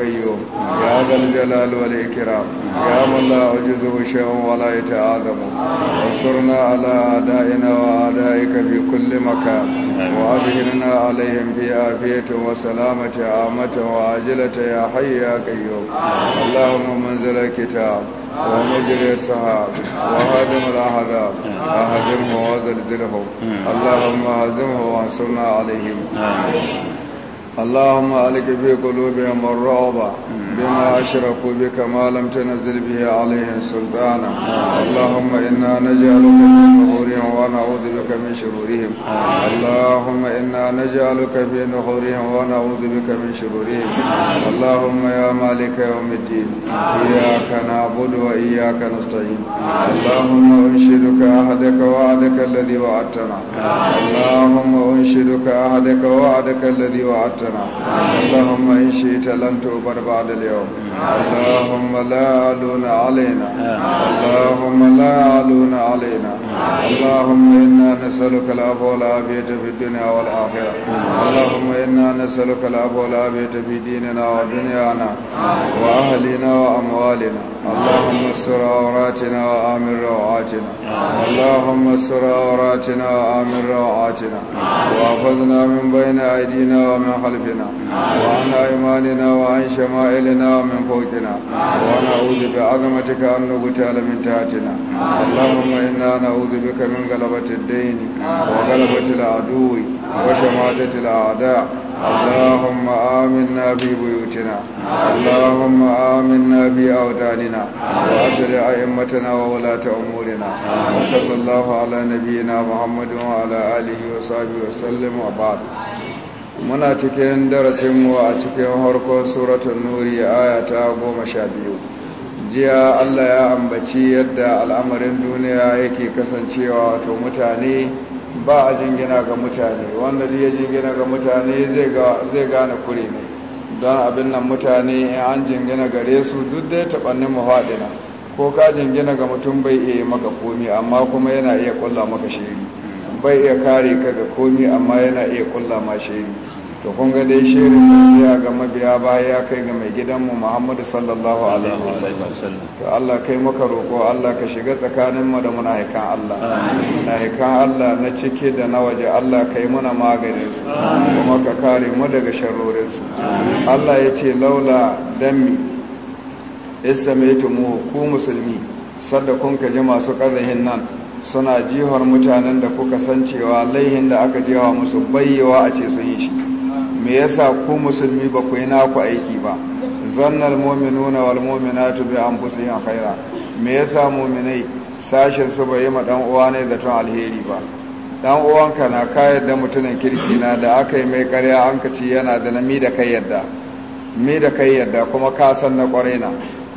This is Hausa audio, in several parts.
قيوم يا ذا الجلال والإكرام يا من لا عجزه شيء ولا يتعاظم انصرنا على أعدائنا وأعدائك في كل مكان وأظهرنا عليهم في عافية وسلامة عامة وعاجلة يا حي يا قيوم اللهم منزل الكتاب ومجري السحاب وهادم الأحزاب أهزمه وزلزلهم اللهم هزمه وانصرنا عليهم اللهم عليك في قلوبهم الرعب بما أشركوا بك ما لم تنزل به عليهم سلطانا اللهم إنا نجعلك في نحورهم ونعوذ بك من شرورهم اللهم إنا نجعلك في نحورهم ونعوذ بك من شرورهم اللهم يا مالك يوم الدين إياك نعبد وإياك نستعين اللهم أنشدك أحدك وعدك الذي وعدتنا اللهم أنشدك أحدك وعدك الذي وعدتنا اللهم إن شئت لن تؤبر بعد اليوم اليوم اللهم لا علون علينا اللهم لا علون علينا اللهم إنا نسألك العفو والعافية في الدنيا والآخرة اللهم إنا نسألك العفو والعافية في ديننا ودنيانا وأهلنا وأموالنا اللهم استر عوراتنا وآمن روعاتنا اللهم استر عوراتنا وآمن روعاتنا واحفظنا من بين أيدينا ومن خلفنا وعن أيماننا وعن شمائلنا علينا ومن فوقنا ونعوذ بعظمتك أن نغتال من تحتنا اللهم إنا نعوذ بك من غلبة الدين وغلبة العدو وشماتة الأعداء اللهم آمنا في بيوتنا اللهم آمنا في أوداننا وأسر أئمتنا وولاة أمورنا وصلى الله على نبينا محمد وعلى آله وصحبه وسلم وبعد muna cikin darasinmu a cikin harkon suratun nuri aya ta goma sha biyu jiya allah ya ambaci yadda al'amarin duniya yake kasancewa to mutane ba a jingina ga mutane wanda ya jingina ga mutane zai gane kure ne don abin nan mutane in an jingina gare su duk dai taɓannin muhaɗina ko ka jingina ga mutum bai iya maka komi amma kuma yana iya ƙulla maka shiri bai iya kare ka ga komi amma yana iya kulla ma shiri to kun ga dai shirin ya ga mabiya baya ya kai ga mai gidanmu Muhammadu sallallahu alaihi wasallam to Allah kai maka roƙo Allah ka shiga tsakanin mu da haikan Allah haikan Allah na cike da na waje Allah kai muna maganin kuma ka kare mu daga sharrorin Allah ya ce laula isa mai mu ku musulmi sadda kun ka ji masu karrahin nan suna jihar mutanen da kuka san cewa laihin da aka jewa musu bayyawa a ce sun yi shi me yasa ku musulmi ba ku yi naku aiki ba zannar mu'minuna wal mu'minatu bi anfusihim khaira me yasa mu'minai sashen su bai ma ɗan'uwa ne da tun alheri ba dan uwanka na kayar da mutumin kirki na da aka yi mai karya an ka ci yana da na da kai yadda da kai yadda kuma ka san na kwarai na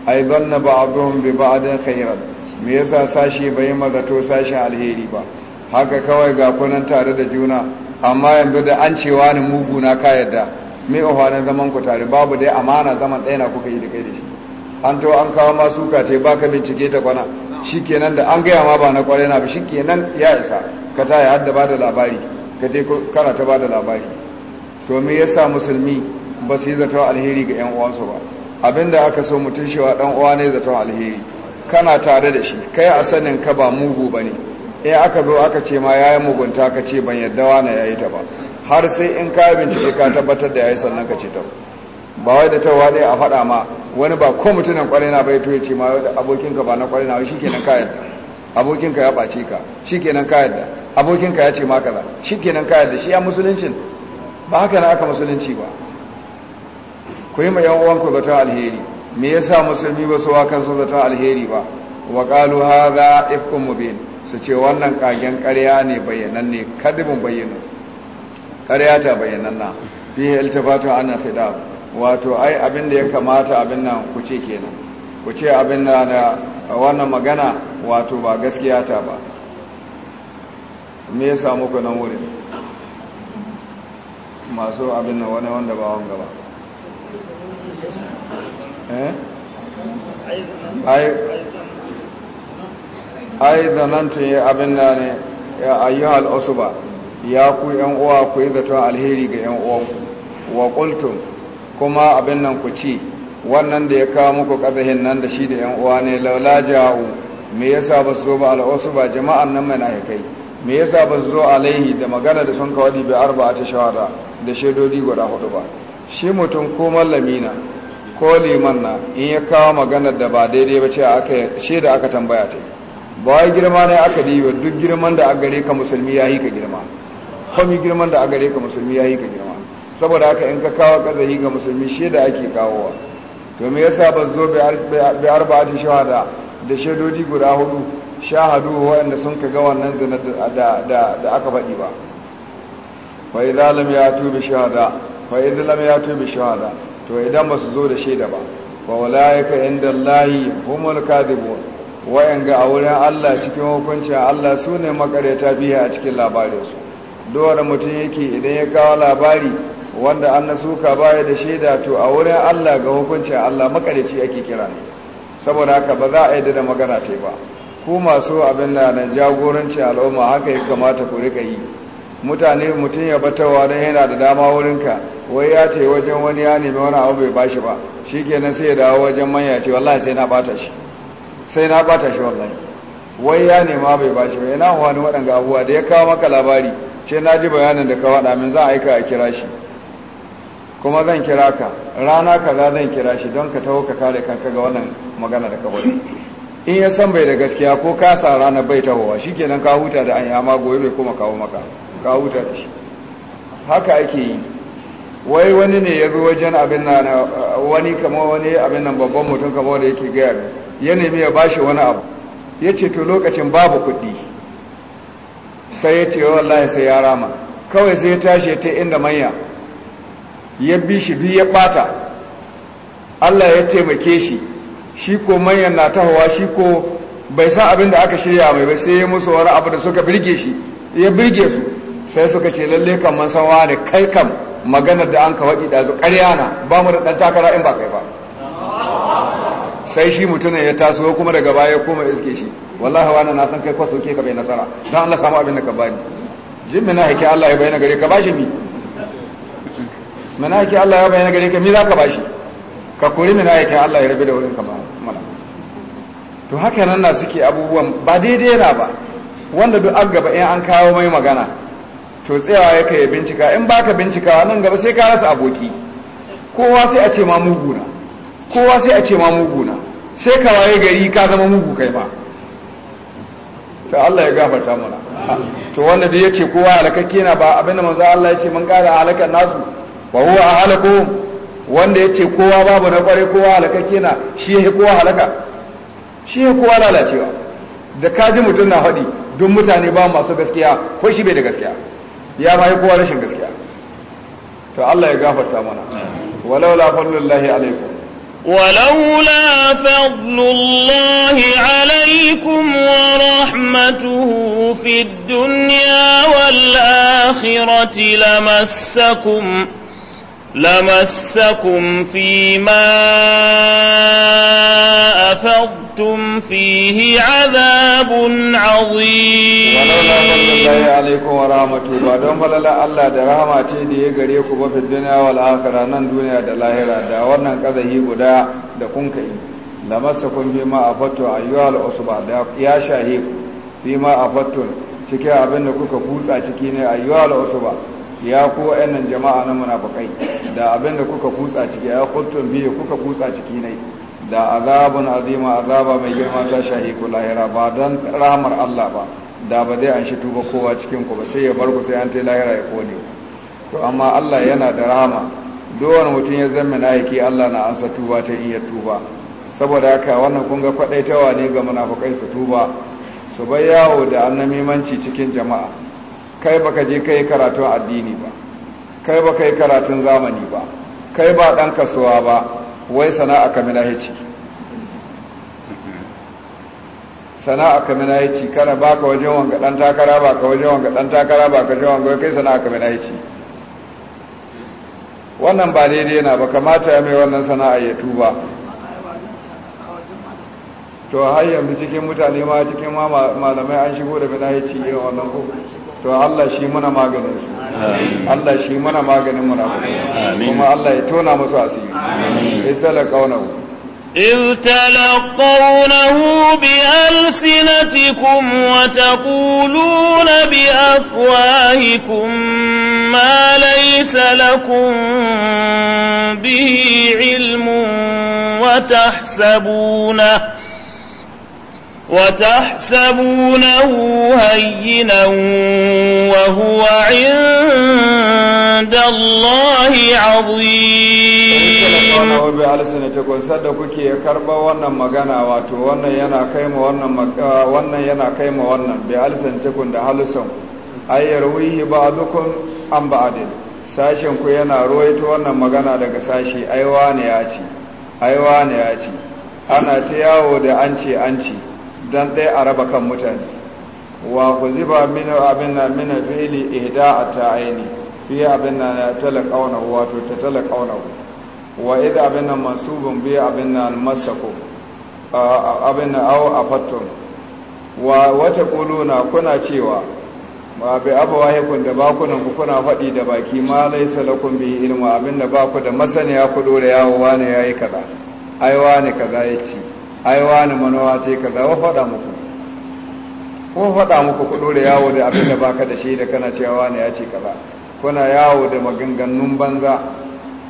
ai banna ba'dhum bi ba'din khairan me yasa sashi bai yi mazato sashi alheri ba haka kawai ga kunan tare da juna amma yanzu da an cewa ni mugu na ka yadda me ohanin zaman ku tare babu dai amana zaman ɗaya na kuka yi da kai da shi an to an kawo ma suka ce baka bincike ta kwana shikenan da an gaya ma ba na kwarai na ba shikenan ya isa ka ta ya hadda ba da labari ka je kana ta ba da labari to me yasa musulmi ba su yi zaton alheri ga 'yan uwansu ba abinda aka so mutun shewa wa ɗan uwa ne zato alheri kana tare da shi kai a sanin ka ba mugu ba ne in aka zo aka ce ma ya yi mugunta ka ce ban yadda wani ya yi ta ba har sai in ka bincike ka tabbatar da ya yi sannan ka ce ta ba wai da ta dai a faɗa ma wani ba ko mutumin kwarina na bai to ya ce ma da abokinka ba na kwarina ba shi kenan ka yadda abokinka ya ɓace ka shi kenan ka yadda abokinka ya ce ma kaza shi kenan ka yadda shi ya musuluncin ba haka na aka musulunci ba ku yi ma yan uwanku zaton alheri me yasa musulmi ba su wa kansu zata alheri ba wa qalu hadha ifkum mubin su ce wannan kagen ƙarya ne bayanan ne kadibin bayyana ƙarya ta na fi iltifatu ana fida wato ai abin da ya kamata abin nan ku ce kenan ku ce abin nan da wannan magana wato ba gaskiya ta ba me yasa muku nan wurin masu abin nan wani wanda ba wanga ba ai eh? zanantun yi abin da ne a yi ayyuhal ba ya ku yan uwa ku yi zaton alheri ga yan uwanku wa kultum kuma abin nan ku ci wannan da ya kawo muku kazahin nan da shi da yan uwa ne laula ja'u me yasa ba su zo ba al'usuba jama'an nan mai na kai me yasa ba su zo alaihi da magana da sun kawadi bai a ta shawara da shaidodi guda hudu ba shi mutum ko mallami na ko liman nan in ya kawo maganar da ba daidai ba ce aka shaida aka tambaya ta ba wai girma ne aka diba duk girman da a gare ka musulmi ya yi ka girma kwami girman da a gare ka musulmi ya yi ka girma saboda haka in ka kawo kazahi ga musulmi shaida ake kawowa to me yasa ba zo bi arba'ati shahada da shaidodi guda hudu shahadu waɗanda sun ka ga wannan zina da aka faɗi ba fa idza lam yatu bi shahada fa idza lam yatu bi shahada to idan ba su zo da shaida ba ba ya walaika inda Allahi humul kadibun wayanga a wurin Allah cikin hukuncin Allah su ne makareta biya a cikin labarinsu dole mutum yake idan ya kawo labari wanda an na suka baya da shaida to a wurin Allah ga hukuncin Allah makareci ake kira ne saboda haka ba za a yi da magana ce ba ku masu abin da na jagoranci al'umma haka ya kamata ku rika yi mutane mutum ya batawa don yana da dama wurinka wai ya ce wajen wani ya nemi wani abu bai bashi ba shi kenan sai ya dawo wajen manya ce wallahi sai na bata shi sai na bata shi wallahi wai ya nema bai bashi ba yana wani waɗanga abubuwa da ya kawo maka labari ce na ji bayanin da ka waɗa min za a aika a kira shi kuma zan kira ka rana kaza zan kira shi don ka taho ka kare kanka ga wannan magana da ka in ya san bai da gaskiya ko ka sa rana bai tahowa shikenan ka huta da an yi amma gobe bai kuma kawo maka kawo da shi haka ake yi wai wani ne ya bi wajen abin nan wani kama wani abin nan babban mutum kamar da yake gaya ya nemi ya bashi wani abu ya ce to lokacin babu kuɗi sai ya ce wallahi sai ya rama kawai sai ya tashi ta inda manya ya bi shi bi ya ɓata Allah ya taimake shi shi ko manyan na tahowa shi ko bai san abin da aka shirya mai ba sai ya musu wani abu da suka birge shi ya birge su sai suka ce lalle kan man san wani kai kam maganar da an ka faɗi da zo ƙarya na ba mu da ɗan takara in ba kai ba sai shi mutumin ya taso kuma daga baya koma iske shi wallahi wani na san kai kwaso ke ka bai nasara don Allah samu abin da ka bani jin mina hake Allah ya bayyana gare ka bashi mi mina hake Allah ya bayyana gare ka mi za ka bashi ka kori mina hake Allah ya rabe da wurin ka mana to haka nan na suke abubuwan ba daidai na ba wanda duk an gaba in an kawo mai magana to tsayawa ya kai bincika in baka bincika nan gaba sai ka rasa aboki kowa sai a ce ma muguna kowa sai a ce ma muguna sai ka waye gari ka zama mugu kai ma ta Allah ya gafarta mana to wanda da yace kowa halakakke na ba da manzo Allah yace mun kada halakar nasu wa huwa ahalakum wanda yace kowa babu na kware kowa halakakke na shi yake kowa halaka shi yake kowa lalacewa da kaji mutum na faɗi don mutane ba masu gaskiya ko shi bai da gaskiya ya ma yi kowa rashin gaskiya to Allah ya gafarta mana walaula fadlullahi alaikum ولولا فضل الله عليكم ورحمته في الدنيا والآخرة لمسكم لمسكم فيما أفضتم فيه عذاب عظيم ولولا فضل الله عليكم ورحمة الله بعدهم فللا الله درهما تيدي غريكم في الدنيا والآخرة نن دنيا دلاهرة دا ورنن قذهي قدا دا كنكي لمسكم فيما أفضتم أيها الأصبع يا شاهيكم فيما أفضتم cikin abin da kuka kutsa ciki ne ayyuwa al'usuba ya ku wa'annan jama'a na munafakai? da abin da kuka kutsa ciki ya kuntum biyu kuka kutsa ciki ne da azabun azima azaba mai girma ta shahi ku lahira ba don ramar Allah ba da ba dai an shi tuba kowa cikinku ku ba sai ya bar ku sai an tai lahira ya kone to amma Allah yana da rama. dowar mutum ya zama na yake Allah na ansa tuba ta iya tuba saboda haka wannan kun ga kwadaitawa ne ga munafakai su tuba su bai yawo da annamimanci cikin jama'a kai baka je kai karatun addini ba kai ba kai karatun zamani ba kai ba dan kasuwa ba wai sana'a ka mina hici sana'a ka mina hici kana baka wajen wanga dan takara ba ka wajen wanga dan takara ba ka wajen wanga kai sana'a ka mina hici wannan ba daidai yana ba kamata ya mai wannan sana'a ya tuba to har yanzu cikin mutane ma cikin ma malamai an shigo da mina hici irin wannan ko to Allah shi muna maganin su Allah shi muna maganin munafikai kuma Allah ya tona musu asiri isala qaunahu إذ تلقونه بألسنتكم وتقولون بأفواهكم ما ليس لكم به علم وتحسبونه وتحسبونه هينا وهو عند الله عظيم sadda kuke karba wannan magana wato wannan yana kai ma wannan ah, wannan yana kai ma wannan bi alsantikun da halusan ay yarwihi ba'dukum an ba'din sashen ku yana ruwaito wannan magana daga sashi aiwa ne ya ce ana ta yawo da anci-anci. don ɗaya a raba kan mutane wa ku ziba mini abin na mini fili ihda a ta aini Biya abin na talakauna wato ta talakauna wa ida abin na mansubun biya abin na masako abin na awo a fattun wa wata kuluna kuna cewa ba bi abawahikun da bakunan ku kuna faɗi da baki ma laisa lakum bi ilmu abin da baku da masaniya ku dore yawo wane yayi kaza ai wane kaza ya ci ai wani manowa ce ka wa faɗa muku ko faɗa muku ku da yawo da abin da baka da shi da kana cewa wani ya ce kaza kuna yawo da maganganun banza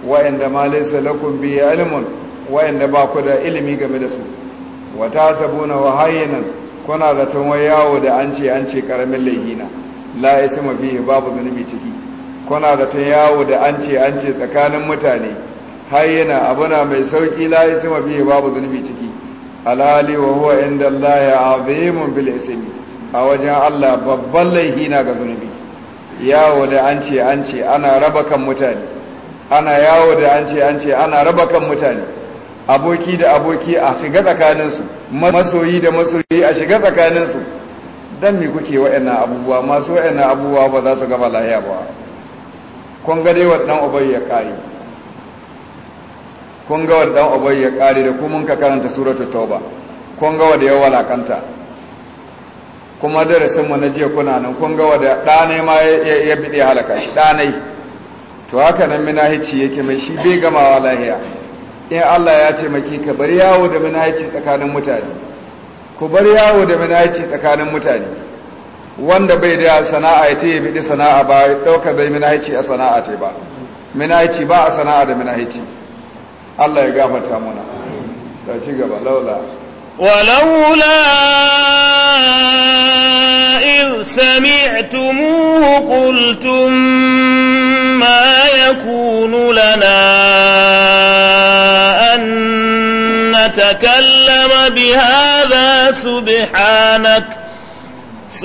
wa'anda ma laysa lakum bi ilmun wa'anda ba ku da ilimi game da su wa tasabuna wa hayyinan kuna da tunwa yawo da an ce an ce karamin laihina la isma yi babu zunubi ciki kuna da tun yawo da an ce an ce tsakanin mutane hayyana abuna mai sauki la isma yi babu zunubi ciki alhali wa huwa inda Allah ya azimun bil ismi a wajen Allah babban laifi na ga zunubi yawo da an ce an ce ana raba kan mutane ana yawo da an ce an ce ana raba kan mutane aboki da aboki a shiga tsakaninsu masoyi da masoyi a shiga tsakaninsu Dan me kuke wa'annan abubuwa masu wa'annan abubuwa ba za su gaba lahiya ba kun ga dai wannan ubayya ya kun ga wadda abai ya kare da kuma ka karanta suratul tauba kun ga wadda yawa lakanta kuma darasin mu na jiya kuna nan kun ga wadda ɗanai ma ya bide halaka shi ɗanai to haka nan minahici yake mai shi bai gamawa lahiya in Allah ya ce maki ka bar yawo da minahici tsakanin mutane ku bar yawo da minahici tsakanin mutane wanda bai da sana'a ya ce ya bide sana'a ba ya ɗauka bai minahici a sana'a ce ba minahici ba a sana'a da minahici Allah ya gafarta muna ta ci ولولا إذ سمعتموه قلتم ما يكون لنا أن نتكلم بهذا سبحانك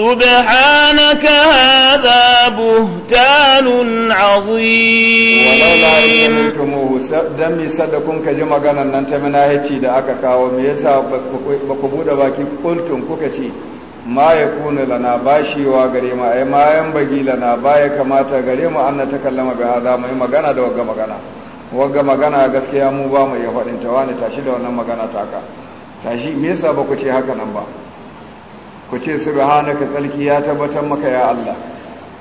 سبحانك هذا بهتان عظيم dan misa da kun ka ji magana nan ta manahici da aka kawo me yasa ba ku bude baki kuntun kuka ce ma ya kuna lana wa gare mu ai ma yan bagi lana ba ya kamata gare mu anna ta kallama ga hada mai magana da wagga magana wagga magana gaskiya mu ba mu ya faɗin ta wani tashi da wannan magana taka tashi me yasa ba ku ce haka nan ba ku ce subhanaka tsarki ya tabbatar maka ya Allah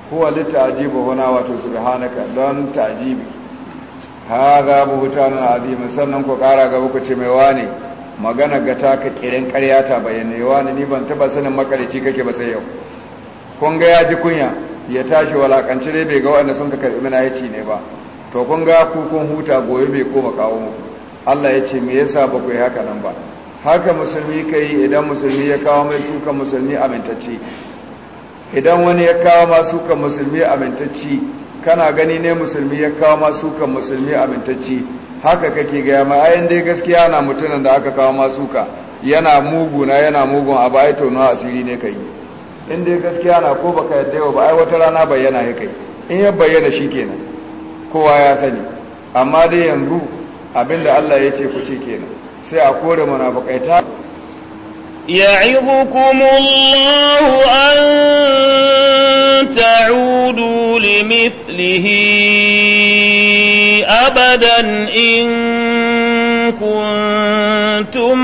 huwa litajibu wana wato subhanaka don tajibi haza buhutanan azimin sannan ku kara gaba ku ce mai wani magana ga ta ka kirin karya ta wani ni ban taba sanin makarici kake ba sai yau kun ga ya ji kunya ya tashi walakanci dai bai ga wanda sun ka karbi mina yaci ne ba to kun ga ku kun huta goyi bai koma kawo muku Allah ya ce me yasa ba ku yi haka nan ba haka musulmi ka yi idan musulmi ya kawo mai suka musulmi amintacci idan wani ya kawo ma kan musulmi amintacci kana gani ne musulmi ya kawo ma kan musulmi amintacci haka kake gaya ma ayan dai gaskiya na mutumin da aka kawo ma ka yana mugu na yana mugun abu ai tono asiri ne kai in dai gaskiya na ko baka yadda ba ai wata rana bayyana ya kai in ya bayyana shikenan kowa ya sani amma dai yanzu abinda Allah ya ce ku ce kenan sai a kore munafukai ta يعظكم الله أن an ta'udu أبدا abadan كنتم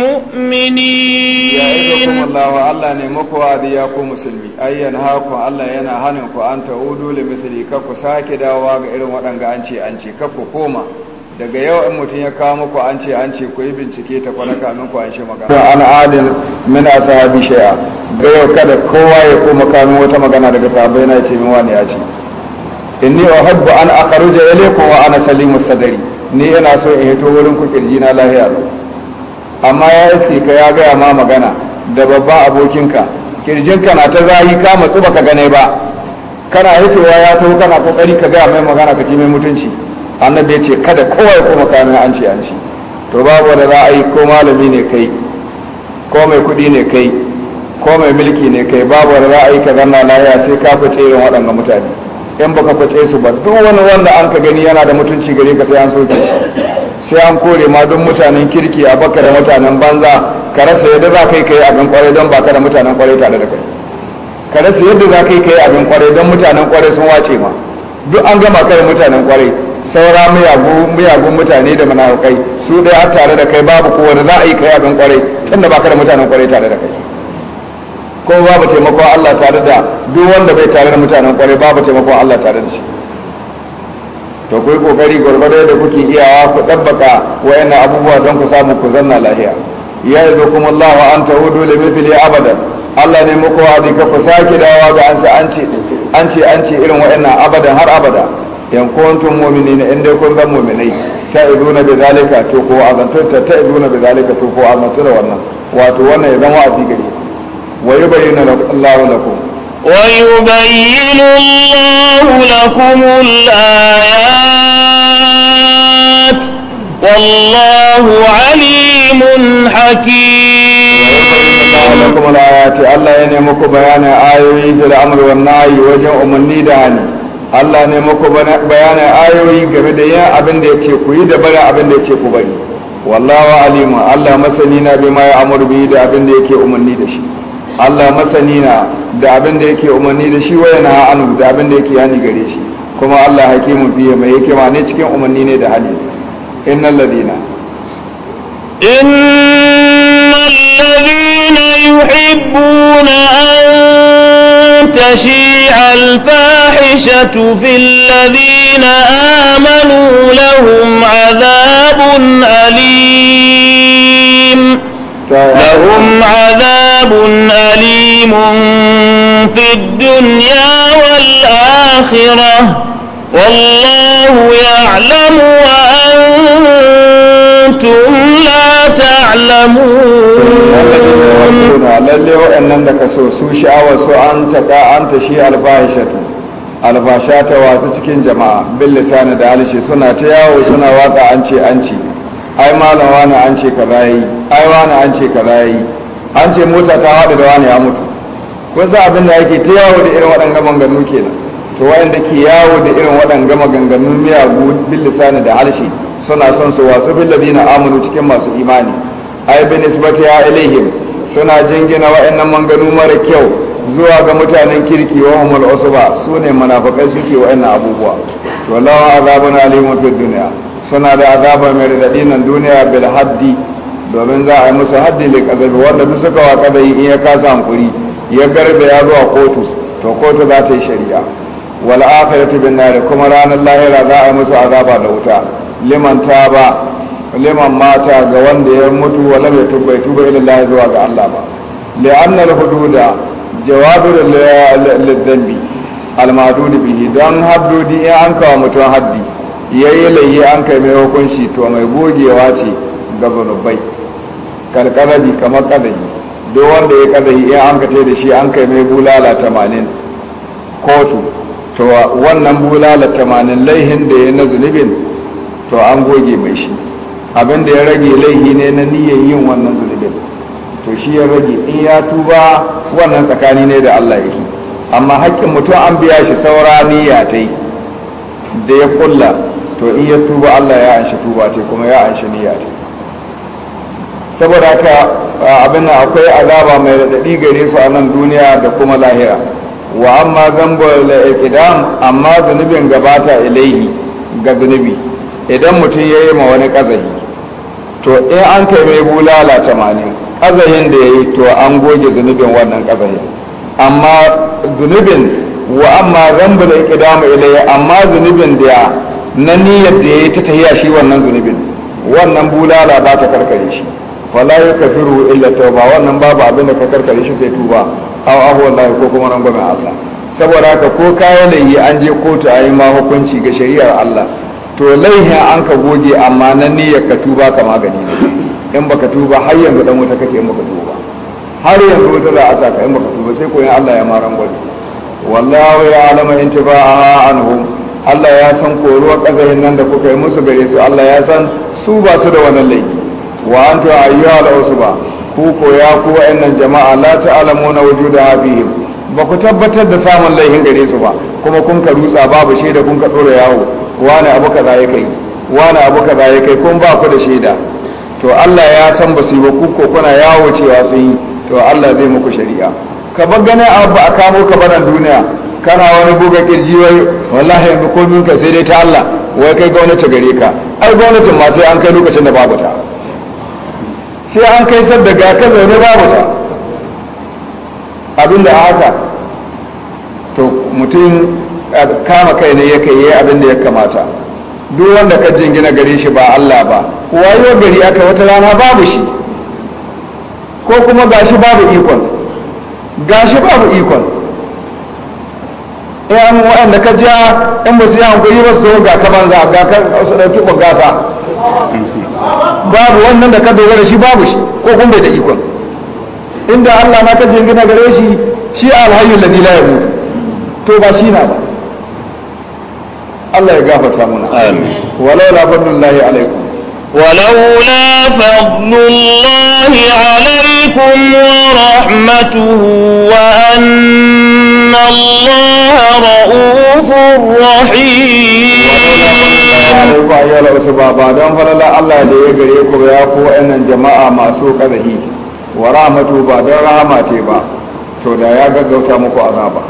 mu'minin ya yi Allah Allah ne muku wa'adi ya ku musulmi ayyana haku Allah yana hanin ku an ta'udu li kaku ku sake dawa ga irin waɗanga an ce an ce kaku ku koma daga yau in mutum ya kawo muku an ce an ce ku yi bincike ta kwana kamin ku an shi magana an adil min sahabi shay'a ga kada kowa ya koma kamin wata magana daga sahabbai na ce min wani ya ce inni uhibbu an akhruja ilaykum wa ana salimu sadari ni ina so in hito wurin ku kirji na lafiya amma ya iske ka ya gaya ma magana da babban abokinka kirjinka na ta zahi ka matsu baka gane ba kana hitowa ya taho kana kokari ka gaya mai magana ka ci mai mutunci annabi ya ce kada kowai kuma kanin an ce an ce to babu wanda za a yi ko malami ne kai ko mai kuɗi ne kai ko mai mulki ne kai babu wanda za a yi ka zanna lahiya sai ka fice irin waɗannan mutane in baka fice su ba duk wani wanda an ka gani yana da mutunci gare ka sai an soke sai an kore ma duk mutanen kirki a baka da mutanen banza ka rasa yadda za ka yi ka yi abin kwarai don baka da mutanen kwarai tare da kai ka rasa yadda za ka yi ka yi abin kwarai don mutanen kwarai sun wace ma duk an gama kai mutanen kwarai saura miyagun mutane da munafukai su dai har tare da kai babu kowa da za a yi kai abin kwarai tunda baka da mutanen kwarai tare da kai ko babu taimakon Allah tare da duk wanda bai tare da mutanen kwarai babu taimakon Allah tare da shi to kai kokari gurbada da kuke iyawa ku dabbaka wayannan abubuwa don ku samu ku zanna lahiya ya yi kuma Allah wa an tahudu li mithli abadan Allah ne muku wa ka ku sake dawa ga an ce an ce an ce irin wayannan abadan har abada yankuntun mumini na inda kun zan muminai ta izuna bi zalika to ko azantu ta ta izuna bi zalika to ko azantu da wannan wato wannan ya zama wa'azi gare wa yubayyana Allahu lakum wa yubayyinu Allahu lakum al-ayat wallahu alimun hakim lakum al-ayat Allah ya ne muku bayanin ayoyi da amr wa nahi wajen umarni da hani Allah ne muku bayanan ayoyi game da yin abin da ya ce ku yi da bari abin da ya ce ku bari wallawa alima Allah masani na bi ma ya bi da abin da yake umarni da shi Allah masani na da abin da yake umarni da shi waya na anu da abin da yake yani gare shi kuma Allah hakimu bi mai ma ne cikin umarni ne da hali innal ladina innal ladina yuhibbuna an تشيع الفاحشة في الذين آمنوا لهم عذاب أليم لهم عذاب أليم في الدنيا والآخرة والله يعلم وأنتم لا تعلمون lalle waɗannan da ka so su sha'awar su an taƙa an ta shi albasha ta cikin jama'a bin lisani da halshe suna ta yawo suna waka an ce ai malam wani an ce ka rayi ai wani an ce ka rayi an ce mota ta haɗu da wani ya mutu kun san abin da ake ta yawo da irin waɗannan maganganu kenan to wayanda ke yawo da irin gama maganganun miyagu bil lisani da harshe suna son su wasu bil ladina amanu cikin masu imani ai bi nisbati ya ilaihim suna jingina waɗannan manganu mara kyau zuwa ga mutanen kirki wa humul usba sune munafikai suke waɗannan abubuwa to lawa azabun alimun fid dunya suna da azaba mai radadi nan duniya bil haddi domin za a yi musu haddi da kazabi wanda duk suka wa kazabi in ya kasa hankuri ya garbe ya zuwa kotu to kotu za ta yi shari'a wal akhiratu bin nar kuma ranar lahira za a musu azaba da wuta liman taba liman mata ga wanda ya mutu wa lam yatub bai tuba ila Allah zuwa ga Allah ba anna al-hududa jawabu lil-dhanbi al-madud bihi dan haddudi in an kawo mutum haddi yayi layi an kai mai hukunci to mai gogewa ce ga zunubai bi kamar kadai duk wanda ya kadai in an kace da shi an kai mai bulala 80 kotu to wannan bulala tamanin laihin da ya na zunubin to an goge mai shi Abinda ya rage laihi ne na niyan yin wannan zunubin to shi ya rage in ya tuba wannan tsakani ne da Allah yake amma haƙƙin mutum an biya shi saura niyya ta yi da ya kulla to in ya tuba Allah ya shi tuba ce kuma ya shi niyya ta saboda haka abin akwai azaba mai raɗaɗi gare su a nan duniya da kuma lahira wa amma da la'ikidam amma zunubin gabata ilaihi ga zunubi idan mutum ya yi ma wani ƙazahi to in an kai mai bulala tamanin ƙazahin da ya yi to an goge zunubin wannan ƙazahin amma zunubin wa amma da la'ikidam ilaihi amma zunubin da na niyyar da ya yi ta tahiya shi wannan zunubin wannan bulala ba ta karkare shi wala ya kafiru illa tauba wannan babu abin da ka karkare shi sai tuba aw ahu wallahi ko kuma nan gwamnati Allah saboda haka ko kayan yi an je kotu a yi ma hukunci ga shari'ar Allah to laiha an ka goge amma nan niyyar ka tuba ka magani ne in baka tuba har yanzu dan wuta kake in baka tuba har yanzu wuta za a saka in baka tuba sai koyi Allah ya maran gwani wallahu ya alama intiba'a anhum Allah ya san koruwar kazahin nan da kuka yi musu gare su Allah ya san su ba su da wannan laifi wa an ta ayyuwa da wasu ba ku koya ku wa'annan jama'a la ta'alamu na waje da hafihim ba ku tabbatar da samun laihin gare su ba kuma kun ka rutsa babu shaida kun ka ɗora yawo wani abu kaza kai wani abu kaza kun ba ku da shaida to Allah ya san ba su ba ku ko kuna yawo cewa sun yi to Allah zai muku shari'a ka bar ganin abu a kamo ka baran duniya kana wani buga kirji wai wallahi yanzu komin ka sai dai ta Allah wai kai gwamnati gare ka ai gwamnatin ma sai an kai lokacin da babu ta sai an kai sadda da gaka zaune babu ta abin da haka to mutum kama kai ne yake yi abin da ya kamata duk wanda ka jingina gari shi ba Allah ba wayo gari aka wata rana babu shi ko kuma gashi babu ikon gashi babu ikon in eh, da ka ja in ba su yi hankali ba su zo ga ka banza ga ka su ɗauki gasa babu wannan da ka dogara shi babu shi ko kun bai da ikon inda Allah na ka gina gare shi shi alhayyul ladhi la yamut to ba shi na ba Allah ya gafarta mana amin walau la fadlullahi alaikum ولولا فضل الله عليكم ورحمته وأن الله رؤوف رحيم amin ku ba ba don falala Allah da ya gare ku ya ko wayannan jama'a masu kazahi wa rahmatu ba don rahama ce ba to da ya gaggauta muku azaba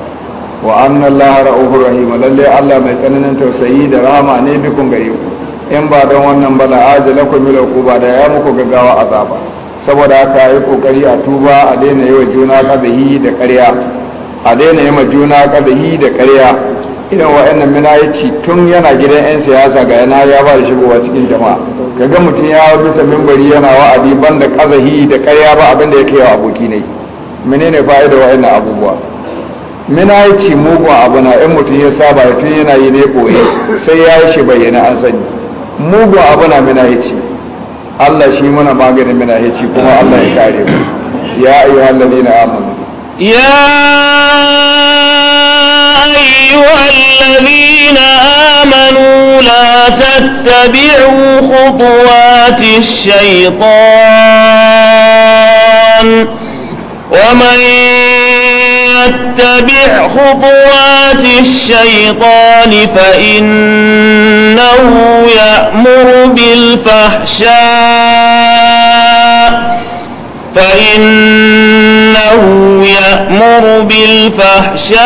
wa anna Allah lallai rahim lalle Allah mai tsananin tausayi da rahama ne bikun gare ku in ba don wannan bala ajalakum ku ba da ya muku gaggawa azaba saboda haka yi kokari a tuba a daina yi wa juna kadahi da ƙarya a daina yi ma juna kadahi da ƙarya irin wa'annan mina ya ci tun yana gidan 'yan siyasa ga yana ya ba da shigowa cikin jama'a ka ga mutum ya bisa mimbari yana wa'adi ban da kazahi da karya ba abinda ya kai wa aboki ne menene fa'ida wa'annan abubuwa mina ya ci mugun abu na in mutum ya saba ya tun yana yi ne koyi sai ya yi shi bayyana an sani mugun abu na mina ya ci Allah shi mana maganin mina ya ci kuma Allah ya kare mu ya ayyuhal ladina amanu ya أيها الذين آمنوا لا تتبعوا خطوات الشيطان ومن يتبع خطوات الشيطان فإنه يأمر بالفحشاء فإنه يأمر بالفحشاء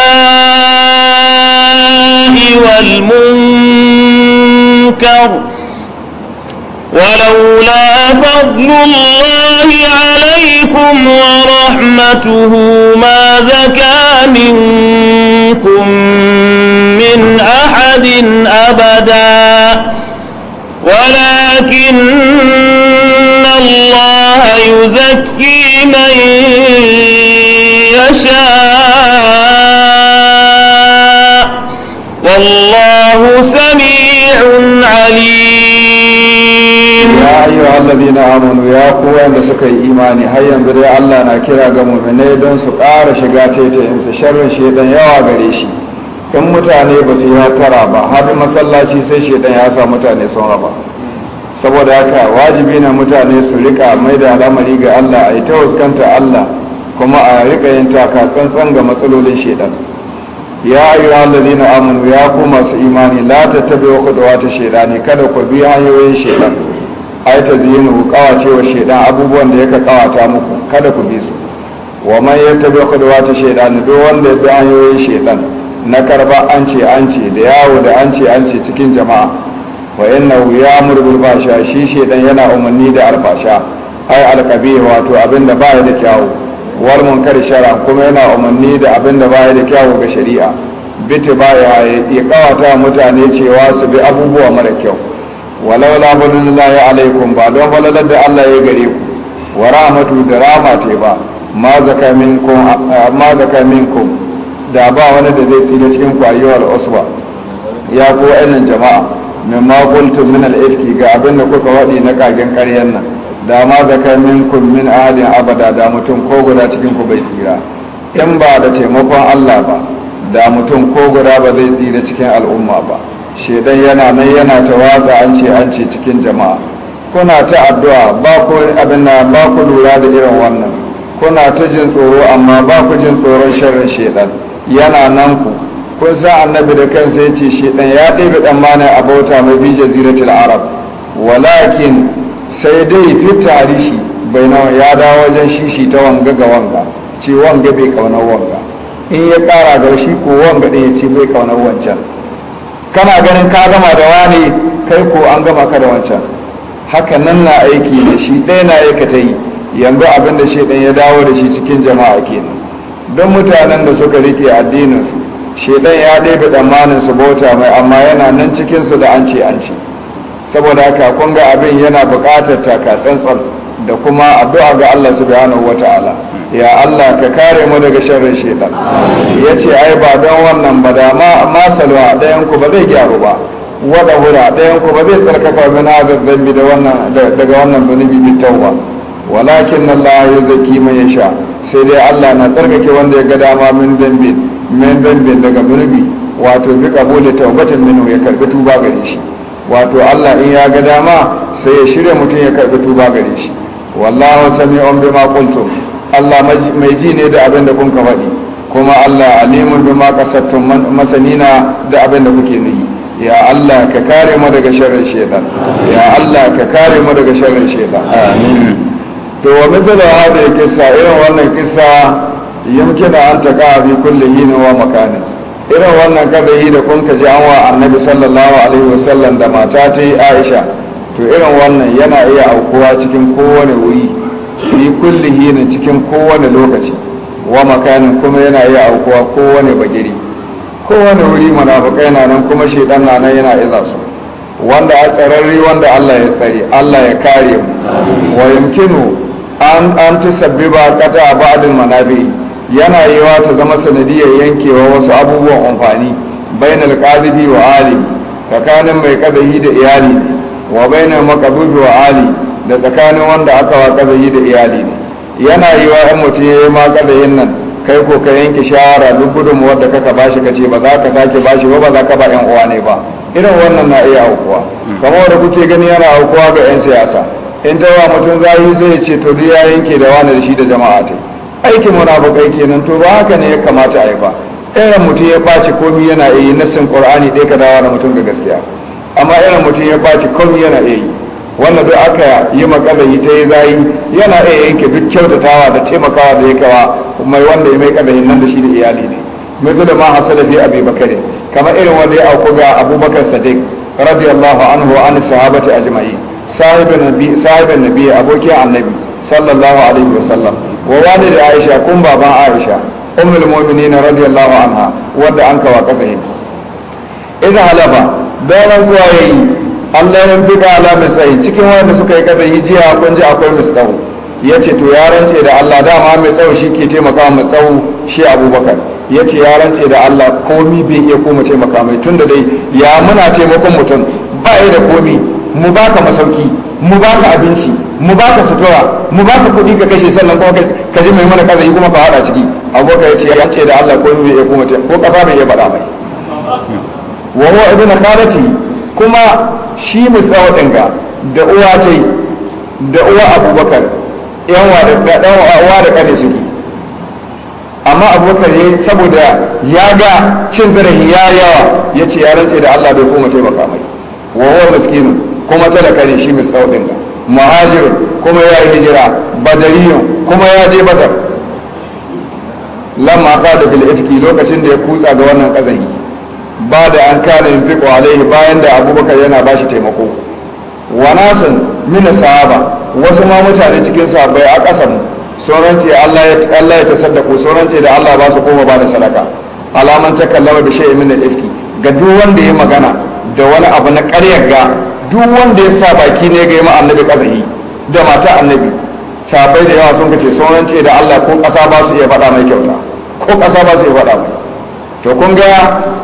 والمنكر ولولا فضل الله عليكم ورحمته ما زكى منكم من أحد أبداً ولكن الله يزكي من يشاء والله سميع عليم يا أيها الذين آمنوا يا قوة أن إيماني هيا بري الله نكرا قمو من دون سقار شقاتي تهم سشر شيطان يا عبريشي in mutane ba su yi hatara ba har masallaci sai shaidan ya sa mutane sun raba saboda haka wajibi na mutane su rika mai da alamari ga allah a yi ta huskanta allah kuma a rika yin taka tsantsan ga matsalolin shaidan ya ayyuha na amanu ya ku masu imani la tattabi'u khutuwati ne, kada ku bi hanyoyin shaidan, ta zini ku kawace wa shaidan abubuwan da yake kawata muku kada ku bi su wa man yattabi khutuwati ne, duk wanda ya bi hanyoyin shaidan. na karba an ce an ce da yawo da an ce an ce cikin jama'a wa innahu ya murbul fasha shi shedan yana umarni da alfasha ai alkabi wato abinda baya da kyawu wal munkar shara kuma yana umarni da abinda baya da kyawu ga shari'a bita baya ya kawata mutane cewa su bi abubuwa mara kyau walau la fadlullahi alaikum ba don falalar da Allah ya gare ku wa rahmatu da rahma ba ma zaka minkum ma zaka minkum da ba wani da zai tsira cikin kwayuwar Oswa ya ko ainihin jama'a mai makultun min al'afki ga abin da kuka waɗi na kagen ƙaryen nan da ma zaka minkum min ahadin abada da mutum ko guda cikin ku bai tsira in ba da taimakon Allah ba da mutum ko guda ba zai tsira cikin al'umma ba shedan yana nan yana ta watsa an ce an ce cikin jama'a kuna ta addu'a ba ku abin ba ku lura da irin wannan kuna ta jin tsoro amma ba ku jin tsoron sharrin shedan yana nan ku kun san annabi da kansa ya ce shi dan ya ɗebe mana a bauta mai bi jaziratul arab walakin sai dai fi tarihi bai nan ya dawo wajen shishi ta wanga ga wanga ce wanga bai kauna wanga in ya ƙara ga shi ko wanga ɗin ya ce bai kauna wancan kana ganin ka gama da wani kai ko an gama ka da wancan haka nan na aiki da shi ɗaya na aikata yi yanzu abin da shedan ya dawo da shi cikin jama'a kenan don mutanen da suka riƙe addininsu shaidan ya ɗebe tsammanin su bauta mai amma yana nan cikinsu da an ce an ce saboda haka kun ga abin yana buƙatar taka tsantsan da kuma addu'a ga Allah subhanahu wata'ala ya Allah ka kare mu daga sharrin shaitan ya ce ai ba don wannan ba da ma salwa ɗayan ku ba zai gyaru ba wada hura ɗayan ku ba zai tsarkaka min da dambi daga wannan zunubi mai tauba walakin Allah ya zaki mai ya sha sai dai Allah na tsarkake wanda ya ga dama min dambin min daga murbi wato bi kabuli taubatin minhu ya karbi tuba gare shi wato Allah in ya ga dama sai ya shirya mutum ya karbi tuba gare shi wallahu sami'un bima qultum Allah mai ji ne da abin da kun ka faɗi kuma Allah alimun bima kasattum masanina da abin da kuke nuyi ya Allah ka kare mu daga sharrin shaitan ya Allah ka kare mu daga sharrin shaitan amin to wa da hadhihi kisa irin wannan qissa yumkina an taqa fi kulli hin wa makanin irin wannan yi da kun kaji an wa annabi sallallahu alaihi wasallam da mata ta Aisha to irin wannan yana iya aukuwa cikin kowane wuri fi kulli hin cikin kowane lokaci wa makanin kuma yana iya aukuwa kowane bagiri kowane wuri munafikai na nan kuma shedan na nan yana iza su wanda a tsararri wanda Allah ya tsare Allah ya kare mu wa yumkinu an an ba a ba'adin manafi yana yiwa ta zama sanadiyar yankewa wasu abubuwan amfani bainal qadibi wa ali tsakanin mai kadahi da iyali wa bainal maqdubi wa ali da tsakanin wanda aka wa kadahi da iyali ne. yana yiwa 'yan mutum yayi ma kadahin nan kai ko ka yanke shahara duk gudunmu da kaka bashi ka ce ba za ka sake bashi ba ba za ka ba yan uwa ne ba irin wannan na iya aukuwa kamar da kuke gani yana aukuwa ga yan siyasa in ta wa mutum zai zai ce to duk ya yanke da wani shi da jama'a ta aikin munafukai kenan to ba haka ne ya kamata a yi ba irin mutum ya ɓaci komi yana iya yi nassin qur'ani ɗaya ka dawo da mutum ga gaskiya amma irin mutum ya ɓaci komi yana iya yi wanda duk aka yi makalar yi ta yi zai yana iya yanke duk kyautatawa da taimakawa da ya kawa mai wanda ya mai kadahin nan da shi da iyali ne mutu da ma hasala fi abi bakari kamar irin wanda ya auku ga abubakar sadiq radiyallahu anhu wa an sahabati ajma'in sahibin nabi abokin annabi sallallahu alaihi wasallam wa wani da aisha kun baban aisha ummul mu'minin radiyallahu anha wadda an kawa kasahin idza halafa bayan zuwa yayi Allah ya fi ala misai cikin wanda suka yi kasahin jiya kun ji akwai misau ya ce to ya rance da Allah dama mai tsawo shi ke taimaka mai tsawo shi abubakar ya ce ya rance da Allah komi bai iya koma taimaka mai tun da dai ya muna taimakon mutum ba da komi mu baka masauki mu baka abinci mu baka sutura mu baka kuɗi ka kashe sannan kuma ka ji mai mana yi kuma ka hada ciki abubakar ya ce ya ce da Allah ko bai ya kuma ko kasa mai ya faɗa mai wa huwa ibn khalati kuma shi musawa dinga da uwa ce da uwa abubakar yan wa da dan uwa da kane suke amma abubakar ya saboda ya ga cin zarafi ya yawa ya ce ya rantse da Allah bai kuma taimaka mai wa huwa miskinu kuma talaka ne shi mai din muhajirun kuma ya yi hijira badariyun kuma ya je badar lamma qada bil ifki lokacin da ya kutsa ga wannan kazani ba da an kana yunfiqu alaihi bayan da abubakar yana ba shi taimako wa nasan sahaba wasu ma mutane cikin sahabbai a kasan mu. rance Allah ya Allah ya tasaddaku sun da Allah ba su koma ba da sadaka alaman kallama bi shay'in min al-ifki ga duk wanda ya magana da wani abu na ƙaryar ga duk wanda ya sa baki ne ga yi annabi kazahi da mata annabi sabai da yawa sun kace sun rance da Allah ko ƙasa ba su iya faɗa mai kyauta ko ƙasa ba su iya faɗa mai to kun ga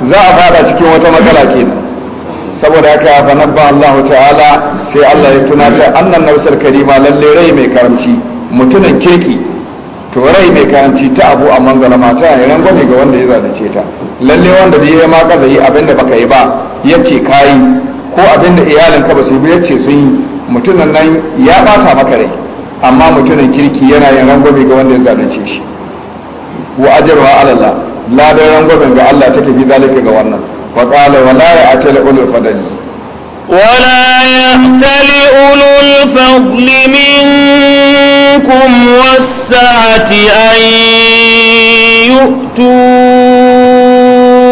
za a faɗa cikin wata matsala ke kenan saboda haka fa nabba Allah ta'ala sai Allah ya tunata annan nafsar karima lalle rai mai karamci mutunan keke to rai mai karamci ta abu amma ga mata ya rangwame ga wanda ya zalunce ta lalle wanda da ya ma kazahi abinda baka yi ba yace kayi ko abin da iyalinka ba su yi ce sun yi mutumin nan ya bata maka rai amma mutumin kirki yana yin rangwame ga wanda ya zalunce shi wa ajruha ala ladan rangwamen ga Allah take bi zalika ga wannan wa qala wa la ya'tal ulul fadli ولا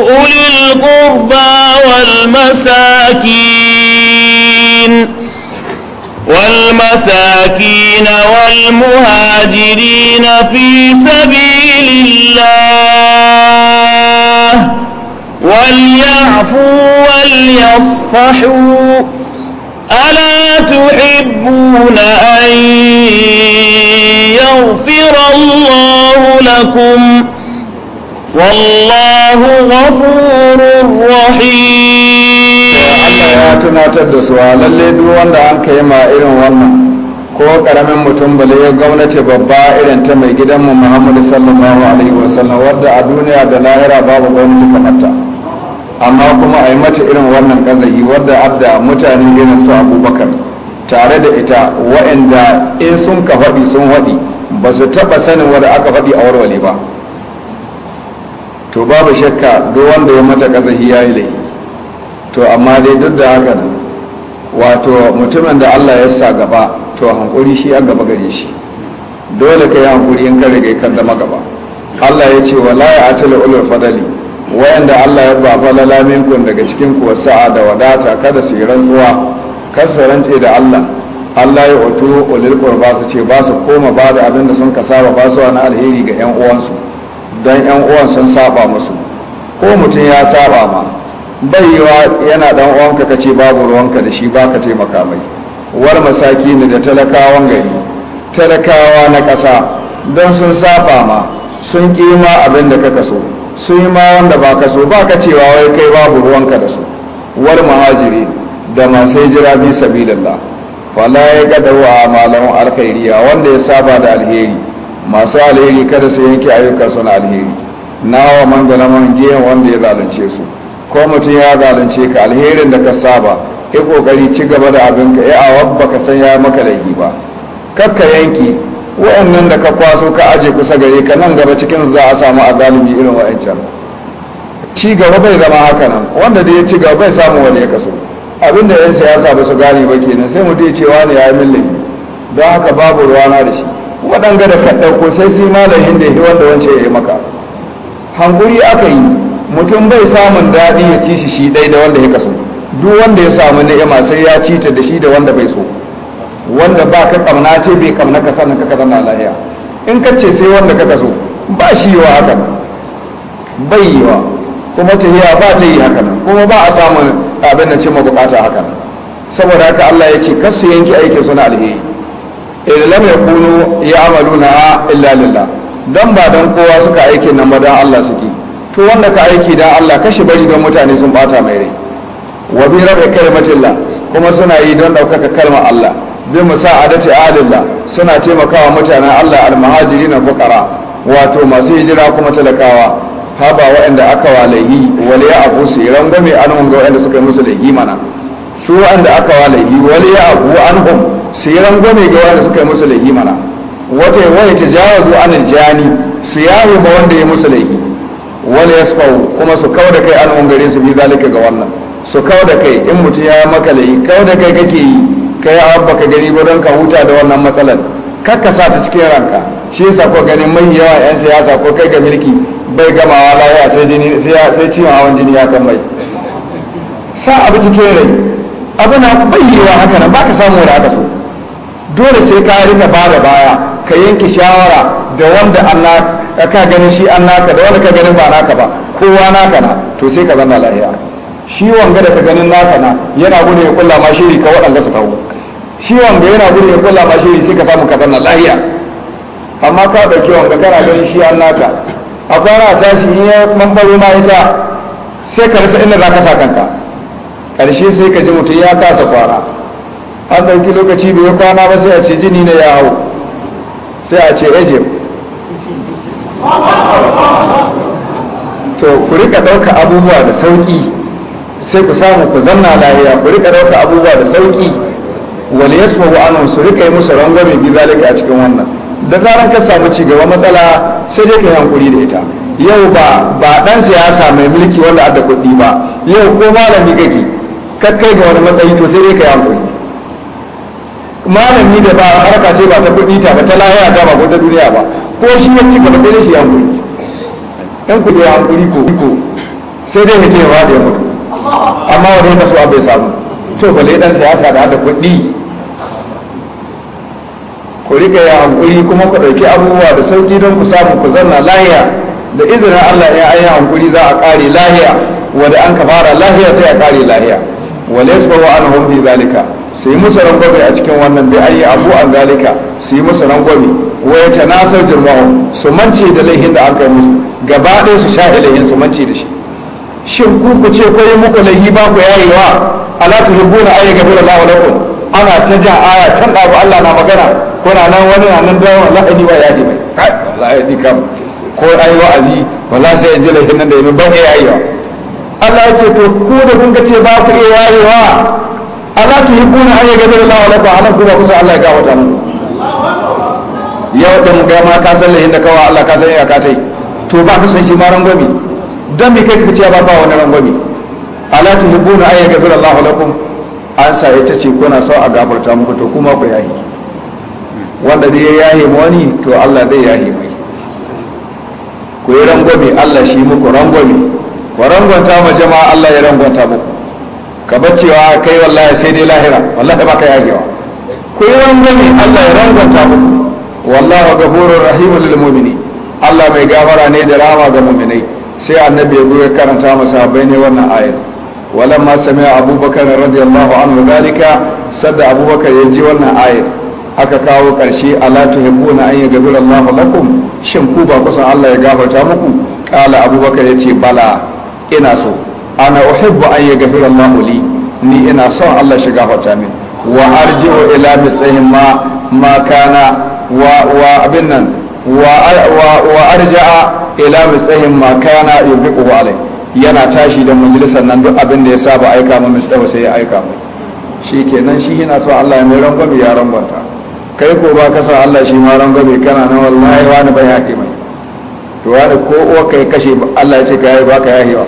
أولي القربى والمساكين والمساكين والمهاجرين في سبيل الله وليعفوا وليصفحوا ألا تحبون أن يغفر الله لكم ؟ والله غفور رحيم Allah ya tunatar da su a ah, lalle duk wanda an kai ma irin wannan ko karamin mutum bale ya gwamnati babba irin ta mai gidanmu Muhammadu sallallahu alaihi wasallam wanda a duniya da lahira babu gwamnati kamar ta amma kuma a yi mata irin wannan kazayi wadda abda mutane irin su Abubakar tare da ita waɗanda in sun ka faɗi sun faɗi ba su taɓa sanin wanda aka faɗi a warware ba to babu shakka duk wanda ya mata kazahi ya yi to amma dai duk da haka wato mutumin da allah ya sa gaba to hankuri shi ya gaba gare shi dole ka yi hankuri in ka rage kan zama gaba allah ya ce wala ya atila ulul fadali wayanda allah ya ba falala minkum daga cikin ku sa'a da wadata kada su yi rantsuwa kasa rantse da allah allah ya wato ulul qurba su ce ba su koma ba da abin da sun kasaba ba su wani alheri ga yan uwansu don yan uwan sun saba musu ko mutum ya saba ma Bai baiwa yana dan uwanka ka ce babu ruwanka da shi ba ka taimaka mai war masaki ne da talakawan gari talakawa na ƙasa don sun saba ma sun kima abin da ka kaso. sun yi ma wanda ba ka so ba ka cewa wai kai babu ruwanka da su war muhajiri da masu hijira bi sabilillah wala ya gadawa a malamin alkhairiya wanda ya saba da alheri masu alheri kada su yanke ayyuka suna alheri nawa man zalaman gehen wanda ya zalunce su ko mutum ya zalunce ka alherin da ka saba ya kokari ci gaba da abin ka ya eh, awab baka san ya maka laifi ba kakka yanki wa'annan da ka kwaso ka aje kusa gare ka nan gaba cikin za a samu a galibi irin wa'ancan ci gaba bai zama haka nan wanda da ya ci gaba bai samu wani ya kaso Abin ya yan siyasa ba su gane ba kenan sai mutum ya ce wani ya yi min laifi don haka babu ruwana da shi waɗanga da ka ko sai su yi malamin da ya wanda wancan ya yi maka hankuri aka yi mutum bai samun daɗi ya ci shi shi ɗai da wanda ya kaso duk wanda ya samu ni'ima sai ya ci ta da shi da wanda bai so wanda ba ka ƙamna ce bai ƙamna ka sanin ka kaza na lahiya in ka ce sai wanda ka kaso ba shi yiwa haka bai yiwa kuma ta yi ba ta yi haka kuma ba a samun abin da ce mabukata haka saboda haka Allah ya ce kasu yanki aikin suna alheri idan lam yakunu ya'maluna illa lillah dan ba dan kowa suka aiki nan ba dan Allah suke to wanda ka aiki dan Allah kashe bari don mutane sun bata mai rai wa bi rabbi kalimatillah kuma suna yi don daukaka kalmar Allah bi musa'adati adillah suna taimakawa mutanen Allah almuhajirin fuqara wato masu hijira kuma talakawa haba waɗanda aka walahi waliya abu su rangwame anhum ga waɗanda suka yi musu lahi mana su waɗanda aka walahi waliya abu anhum su yi rangwame ga wanda suka yi musu laifi mana wata waya ta zuwa anil jani su yaye ma wanda ya musu laifi ya yasfau kuma su kawo da kai an ungare su bi zalika ga wannan su kawo da kai in mutum ya maka laifi kawo da kai kake yi ka yi abba ka gani ba don ka huta da wannan matsalar kakka sa ta cikin ranka shi yasa ko ganin mai yawa yan siyasa ko kai ga mulki bai gamawa lafiya sai jini sai ciwon hawan jini ya kan mai sa abu cikin rai abu na bayyewa haka nan ka samu da aka so dole sai ka rinka ba da baya ka yanke shawara da wanda Allah ka ganin shi an naka da wanda ka ganin ba naka ba kowa naka na to sai ka zanna lahiya shi wanga da ka ganin naka na yana gudu ya kulla ma shiri ka waɗanda su tawo shi wanga yana gudu ya kulla ma shiri sai ka samu ka zanna lahiya amma ka ɗauki wanga kana ganin shi an naka a kwana tashi in ya mambaro ma ita sai ka rasa inda za ka sa kanka ƙarshe sai ka ji mutum ya kasa kwana an ɗauki lokaci bai kwana ba sai a ce jini ne ya hau sai a ce ejim to ku rika ɗauka abubuwa da sauƙi sai ku samu ku zanna lahiya ku rika ɗauka abubuwa da sauƙi wal yasma wa su rika yi musu rangwame bi zalika a cikin wannan da zaran ka samu ci gaba matsala sai dai ka yi hankuri da ita yau ba ba dan siyasa mai mulki wanda adda kuɗi ba yau ko malami kake kakkai ga wani matsayi to sai dai ka yi hankuri malami da ba harka ce ba ta kuɗi ta ba ta lahira ta ba ko ta duniya ba ko shi ya ci gaba sai dai shi ya kuri in kuɗi ya kuri ko ko sai dai mutum ya da ya mutu amma wani ya kasuwa bai samu to bale dan siyasa da hada kuɗi ku rika ya hankuri kuma ku ɗauki abubuwa da sauƙi don ku samu ku zanna lahiya da izinin Allah ya ayi hankuri za a ƙare lahiya wanda an ka fara lahiya sai a ƙare lahiya laysa wa anhum bi zalika su yi musu rangwame a cikin wannan bai ayi abu an zalika su yi musu rangwame waya ta nasar jirmawa su mance da laihin da aka yi musu gaba ɗaya su sha laihin su mance da shi shin ku ku ce kwaye muku laihi ba ku yayewa ala tuhibbuna ayya gafira Allahu lakum ana ta ja aya kan abu Allah na magana kuna nan wani na nan da la'ani wa yadi mai kai wallahi kam ko ai wa'azi wala sai in ji laihin nan da yamin ba yayewa Allah ya ce to ku da kun ga ce ba ku yayewa Ala ta yi kuna an yaga Allah wala ba kuma kusa Allah ya gafarta mu yau din ga ma ka san lahin da kawai Allah ka san ya ka tai to ba ka san shi ma rangwami dan me kai kace ba ba wani rangwami ala ta yi kuna an yaga dole lakum an sa ita ce kuna so a gafarta muku to kuma ku yayi wanda dai ya yaye mu wani to Allah zai yayi mu ku yi rangwami Allah shi muku rangwami ku rangwanta ma jama'a Allah ya rangwanta muku ka bar cewa kai wallahi sai dai lahira wallahi ba ka yagewa ku yi rangwame Allah ya rangwanta muku wallahu ghafurur rahimun lil mumini Allah mai gafara ne da rama ga mu'minai sai annabi ya goye karanta masa bai ne wannan ayar walamma sami'a abubakar radiyallahu anhu dalika sadda abubakar ya ji wannan ayat aka kawo ƙarshe ala tuhibbuna an yaghfira Allahu lakum shin ku ba kusan Allah ya gafarta muku kala abubakar yace bala ina so ana uhibbu an yi Allah li ni ina son Allah shiga hota min wa arji'u ila mislihim ma ma kana wa abin nan wa arja'a ila mislihim ma kana yubiqu alai yana tashi da majalisar nan duk abin da ya saba aika mu mislahu sai ya aika mu kenan shi yana son Allah ya mai rangwami ya rangwanta kai ko ba ka Allah shi ma rangwami kana na wallahi wani bai haƙi mai to wani ko uwa kai kashe Allah ya ce ka yi ba ka yahewa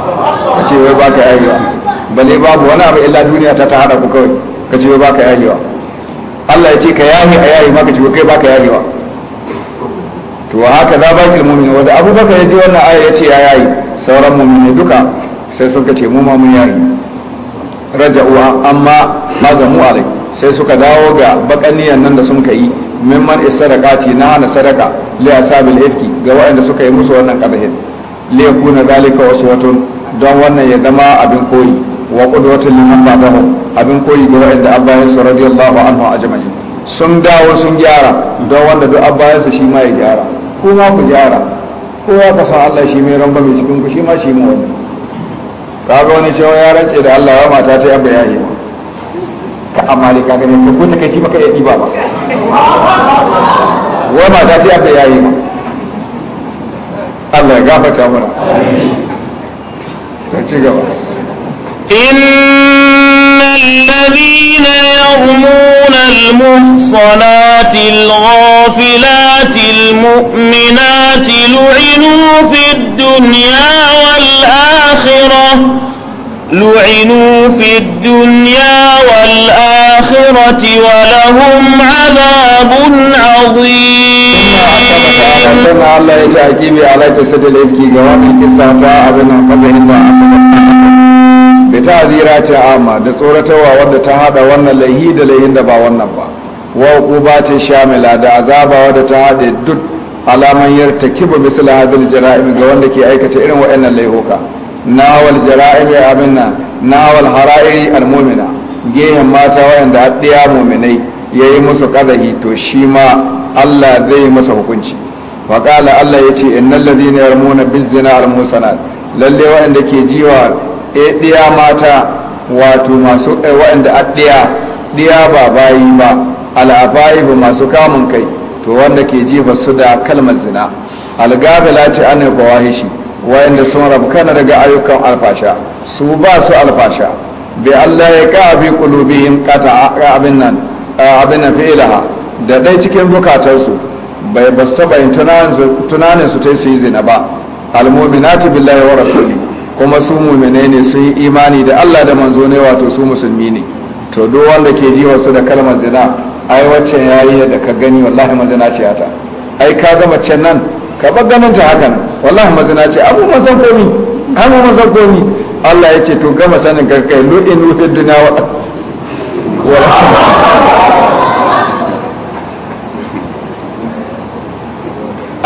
ka ce wai baka yayewa bale babu wani abu illa duniya ta ta ku kawai ka ce wai baka yayewa Allah ya ce ka yahi a yayi maka ce kai baka yayewa to haka za ba ki mu'mini wanda abubakar ya ji wannan aya ya ce ya yayi sauran mu'mini duka sai suka ce mu ma mun yayi raja'u amma mazamu alai sai suka dawo ga bakaniyan nan da sun kai mimman sadaqati na hana sadaka li asabil ifki ga waɗanda suka yi musu wannan qadahin liyakuna zalika watan, don wannan ya zama abin koyi wa qudwatun liman ba'dahu abin koyi ga wa'in da su radiyallahu anhu a jama'i sun dawo sun gyara don wanda duk abbayan shi ma ya gyara kuma ku gyara kowa ka san Allah shi mai ramba mai cikin ku shi ma shi mu wani kaga wani cewa ya rantse da Allah ya mata ta yabba yayi ka amma dai kaga ne ko ta kai shi baka iya diba ba wai mata ta yabba yi ba الله ya gafata إن الذين يرمون المحصنات الغافلات المؤمنات لعنوا في الدنيا والآخرة لعنوا في الدنيا والآخرة ولهم عذاب عظيم سنة الله يجاكيبي على جسد الإبكي قوامي كساتا أبنا فضح الله بتعذيرات عامة دكتورة وود تهادى وانا لهيد لهند با وانا با وعقوبات شاملة دا عذاب ود تهادى دد على من يرتكب مثل هذه الجرائم قوامي كي أيكة إن وإن الليهوكا nawal jara'ibi abin nan nawal hara'iri almumina gehen mata wayanda haddiya muminai yayi musu kadahi to shi ma Allah zai masa hukunci wa qala Allah yace innal ladina yarmuna bizina almusanat lalle wayanda ke jiwa eh, ɗiya mata wato masu eh, wayanda addiya ɗiya ba bayi ba al'afai masu kamun kai to wanda ke jifa su da kalmar zina algafilati anil fawahishi wayanda sun rabkana daga ayyukan alfasha su ba su alfasha bi Allah ya ka fi qulubihim qata abin nan abin nan fi'ilaha da dai cikin su. bai ba su taba tunanin su su yi zina ba almu'minatu billahi wa rasuli kuma su mu'mine ne sun yi imani da Allah da manzo ne wato su musulmi ne to duk wanda ke ji wasu da kalmar zina ai wacce yayi da ka gani wallahi mazina ce ai ka ga mace nan ka baga ganin ta hakan wallahi mazina ce abu man komi abu man komi Allah ya ce to gama sanin karkai in wufid duna wa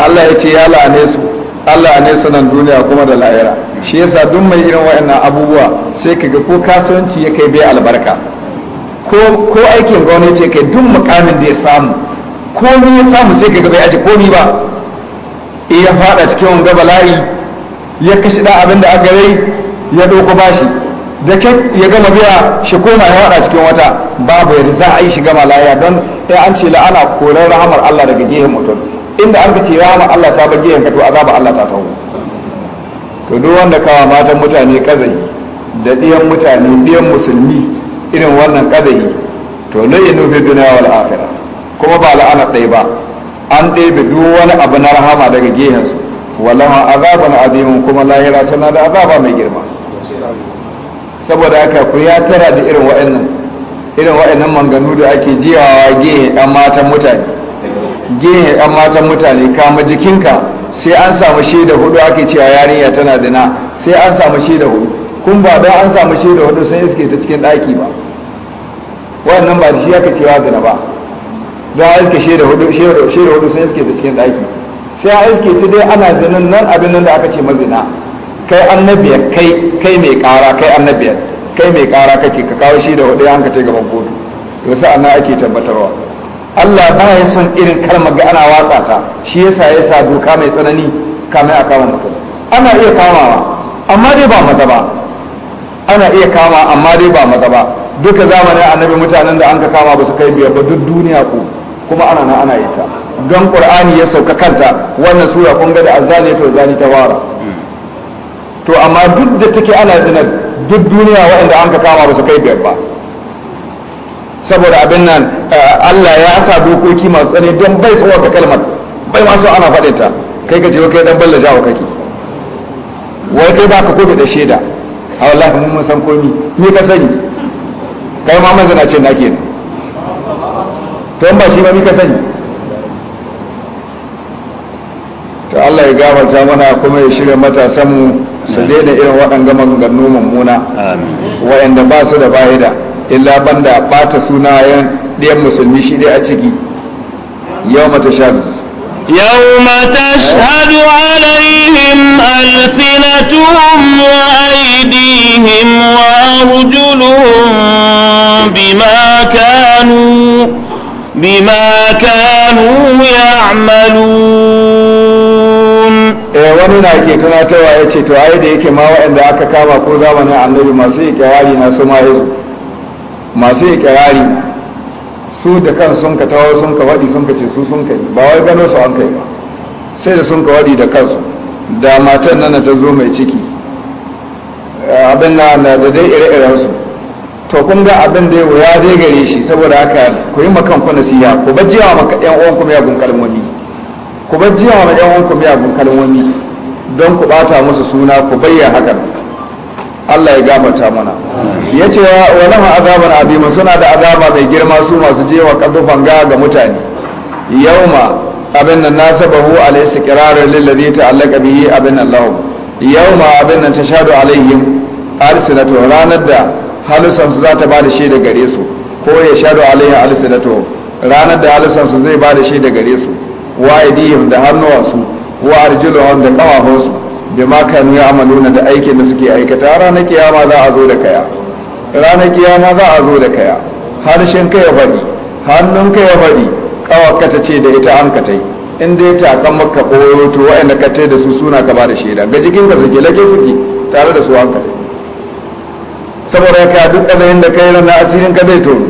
Allah ya ce ya la'ane su Allah ne sanan duniya kuma da lahira shi yasa duk mai irin wa'annan abubuwa sai ka ga ko kasuwanci ya kai bai albarka ko aikin gwamnati ya kai duk mukamin da ya samu ko ni ya samu sai ka ga bai aji komi ba in ya fada cikin wanga bala'i ya kashi da abin da aka yi ya ɗauko bashi da kyan ya gama biya shi koma ya fada cikin wata babu yadda za a yi shiga malaya don ya an ce la'ana korar rahamar Allah daga gehen mutum inda an kace rahamar Allah ta bar gehen ka to azaba Allah ta tawo to duk wanda kawa matan mutane kazai da ɗiyan mutane ɗiyan musulmi irin wannan kazai to ya nufi dunya wal akhirah kuma ba la'ana ɗaya ba an ɗebe duk wani abu na rahama daga gehensu wallaha azaban azimun kuma lahira suna da azaba mai girma saboda haka ku ya tara da irin wa'annan irin wa'annan manganu da ake jiyawa gehe ɗan matan mutane gehe ɗan matan mutane kama jikinka sai an samu shaida hudu ake cewa yarinya tana da na sai an samu shaida hudu kun ba don an samu shaida hudu sun iske ta cikin ɗaki ba wannan ba da shi aka cewa da na ba don a iske shaida hudu hudu sun iske ta cikin daki sai a iske ta dai ana zinin nan abin nan da aka ce mazina kai annabiyar kai kai mai kara kai annabiyar kai mai kara kake ka kawo shaida hudu an ka ta gaban kotu to sai annan ake tabbatarwa Allah ba ya son irin kalmar ga ana watsa ta shi yasa ya sa doka mai tsanani kamar a kama mutum ana iya kamawa amma dai ba maza ba ana iya kama amma dai ba maza ba duka zamanin annabi mutanen da an ka kama ba su kai biyar ba duk duniya ko kuma ana na ana yi ta don qur'ani ya sauka kanta wannan sura kun ga da azali to zani ta wara to amma duk da take ana zina duk duniya waɗanda an ka kama ba su kai biyar ba saboda abin nan eh, Allah ya sa dokoki masu tsane don bai tsawar da kalmar bai masu ana faɗin ta kai ka ce kai dan balla jawo kake wai kai ba ka kobe da shaida a wallahi mun san komi ni ka sani kai ma manzana ce na kenan to ba shi ba muka sani to Allah ya gafarta mana kuma ya shirya matasanmu su daina irin gama maganganu mummuna wa'anda ba su da bayida illa banda ɓata sunayen ɗayan musulmi shi dai a ciki yau mata shabi يوم تشهد wa aidihim wa وأرجلهم bima kanu. بما كانوا يعملون eh, wani na ke tunatarwa ya ce to ai da yake ma waɗanda aka kama ko zamanin annabi masu ikirari na su ma yazo masu ikirari su da kan sun ka tawo sun ka waɗi sun ka ce su sun kai ba wai gano su an kai ba sai da sun ka waɗi da kansu da matan nan ta zo mai ciki eh, abin na da dai ire-irensu to kun ga abin da ya wuya dai gare shi saboda haka ku yi makan ku nasiha ku bajjiya wa yan uwan ku miyagun kalmomi ku bajjiya wa yan uwan ku miyagun kalmomi don ku bata musu suna ku bayyana hakan Allah ya gafarta mana ya ce wa ma azaban azima suna da azaba mai girma su masu jewa kadufan ga ga mutane yauma abin nan nasabahu alayhi siqrarar lillazi ta'allaka bihi abin nan lahum yauma abin nan tashadu alaihim alsinatu ranar da su za ta ba da da gare su ko ya shaɗu alaiha alisadato ranar da su zai ba da da gare su wa aidihim da hannuwansu wa arjuluhum da kawafansu da ma ya amaluna da aikin da suke aikata ranar kiyama za a zo da kaya ranar kiyama za a zo da kaya harshen ka ya faɗi hannun ka ya faɗi kawaka ta ce da ita an ka tai in dai ta kan maka ɓoyo to wa'anda ka tai da su suna ka ba da shaida ga jikin ka suke lake suke tare da su an ka tai saboda haka duk abin da kai na asirin ka zai tono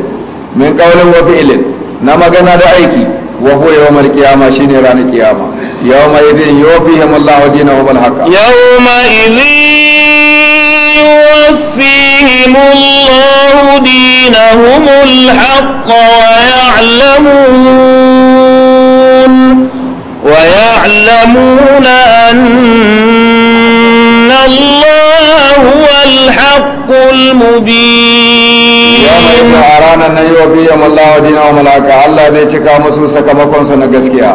min qawlin wa fi'lin na magana da aiki wa huwa yawmal qiyamah shine ranar kiyama yawma idin yuwafihim Allahu dinahum al-haqq yawma idin yuwafihim Allahu dinahum al-haqq wa ya'lamun wa ya'lamuna anna إن الله هو الحق المبين يوم أرانا نيو بيهم الله دينهم ملاك الله بيتكا مسو سكمكم سنقسكيا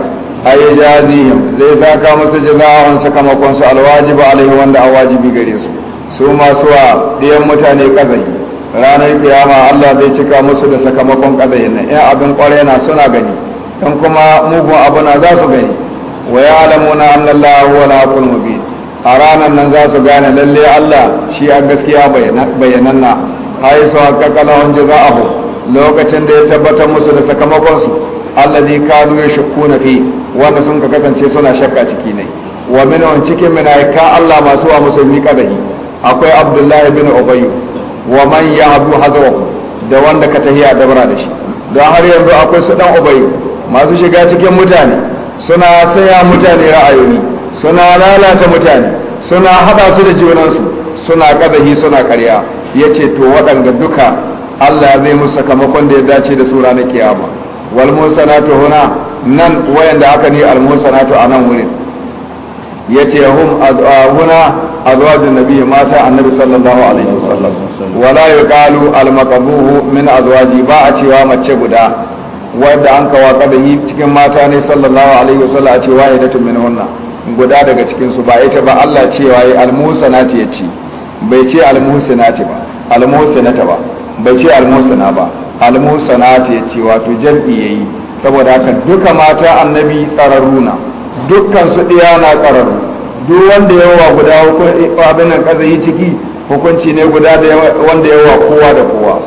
أي جازيهم زي ساكا مسو جزاهم سكمكم الواجب عليه وند أواجب غريس سوما سوا ديهم متاني كزي ranar kiyama Allah zai cika musu da sakamakon kazayin nan in abin kwarai na suna gani in kuma mugun abu na za su gani wa ya alamuna annallahu wal haqqul mubin a ranar nan za su gane lalle Allah shi a gaskiya bayananna hayi su haka a jaza'ahu lokacin da ya tabbatar musu da sakamakonsu ne kanu ya shakku na fi wanda sun ka kasance suna shakka ciki ne wa minhum cikin ka Allah masu wa musulmi kadahi akwai Abdullahi bin obayu. wa man yahdu hazawa da wanda ka tahiya dabara da shi don har yanzu akwai su dan obayu. masu shiga cikin mutane suna saya mutane ra'ayoyi suna lalata mutane suna hada su da junansu suna kadahi suna ƙarya ya ce to waɗanda duka allah zai musu sakamakon da ya dace da su ranar kiyama wal sanatu huna nan wayanda aka ni al sanatu a nan wurin ya ce hum huna da nabi mata annabi sallallahu alaihi wasallam wala yuqalu al maqbuhu min azwaji ba a cewa mace guda wanda an kawa yi cikin mata ne sallallahu alaihi wasallam a cewa hidatun min wannan guda daga cikinsu ba ita ba Allah cewa ya almusanati ya ce bai ce almusanati ba almusanata ba bai ce almusana ba almusanati ya ce wato jam'i yayi saboda haka duka mata annabi tsararuna dukkan su ɗiya na tsararru duk wanda wa guda abin nan kazayi ciki hukunci ne guda da wanda ya wa kowa da kowa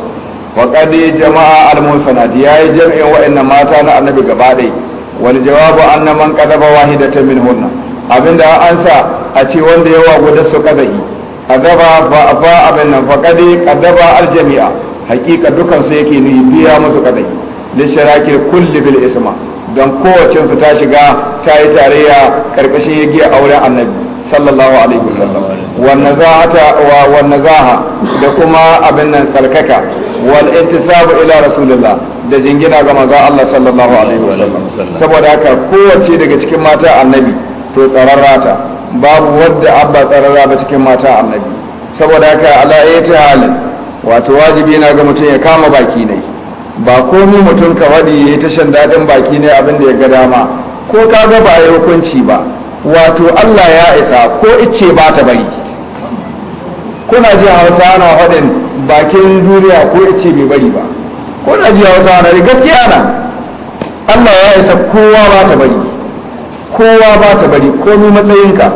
waƙadi jama'a almusanati ya yi jam'in waɗannan mata na annabi gaba ɗaya wani jawabu na man ta min hunna abinda an sa a ce wanda yawa guda su kadahi kadaba ba a fa abin nan fa a kadaba aljami'a hakika dukan su yake ni biya musu kadahi lishiraki kulli bil isma don kowace su ta shiga ta yi tarayya karkashin yagiya auren annabi sallallahu alaihi wasallam wannan ta wa wannan zaha da kuma abin nan tsarkaka wal intisabu ila rasulillah da jingina ga manzo Allah sallallahu alaihi wasallam saboda haka kowace daga cikin mata annabi to tsararra ta babu wadda abba tsararra ba cikin mata annabi saboda haka ala ya ta halin wato wajibi na ga mutum ya kama baki ne ba komi mutum ka wadi ya ta shan daɗin baki ne abin da ya ga dama ko ka ga ba ya hukunci ba wato allah ya isa ko ice ba ta bari kuna ji hausa ana haɗin bakin duniya ko ice bai bari ba kuna ji hausa ana gaskiya na allah ya isa kowa ba ta bari kowa ba ta bari komi matsayinka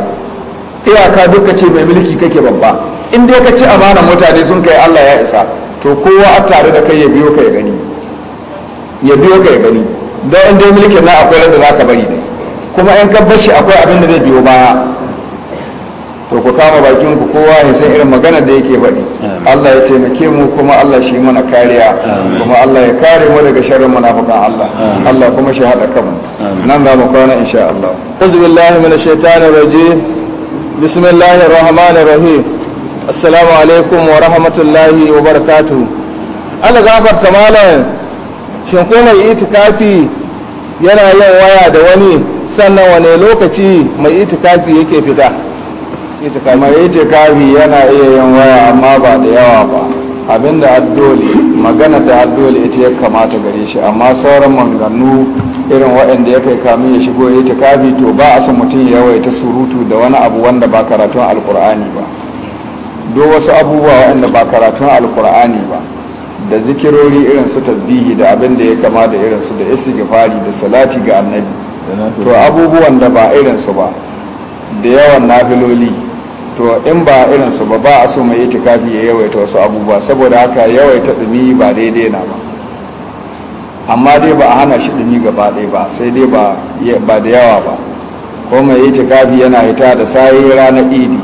iyaka duka ce mai mulki kake babba in dai ka ci amanar mutane sun kai allah ya isa to kowa a tare da kai ya biyo ka ya gani ya biyo ka ya gani don in dai mulkin na akwai da za ka bari ne kuma in ka bashi akwai abin da zai biyo baya to ku kama bakin ku kowa ya san irin magana da yake faɗi Allah ya taimake mu kuma Allah shi mana kariya kuma Allah ya kare mu daga sharrin munafikan Allah Allah kuma shi hada kanmu nan za mu kwana insha Allah أعوذ بالله من Bismillahir rahmanir rahim Assalamu alaikum wa rahmatullahi wa barakatuh Allah gafarta أنا shin ko mai itikafi yana yin waya da wani sannan wane lokaci mai itikafi yake fita mai itikafi yana iya yin waya amma ba da yawa ba abinda addoli magana da addoli ita ya kamata gare shi amma sauran manganu irin waɗanda ya kai kamin ya shigo itikafi to ba a san mutum ya yawaita surutu da wani abu wanda ba karatun alkur'ani ba do wasu abubuwa waɗanda ba karatun alkur'ani ba da zikirori irin su tasbihi da abin da ya kama da irin su da istighfari da salati ga annabi to abubuwan da ba irin su ba da yawan nafiloli to in ba irin su ba ba a so mai itikafi ya yawaita wasu abubuwa saboda haka yawaita dumi ba daidai na ba amma dai ba a hana shi dumi gaba ɗaya ba sai dai ba da yawa ba ko mai itikafi yana hita da sayi ranar idi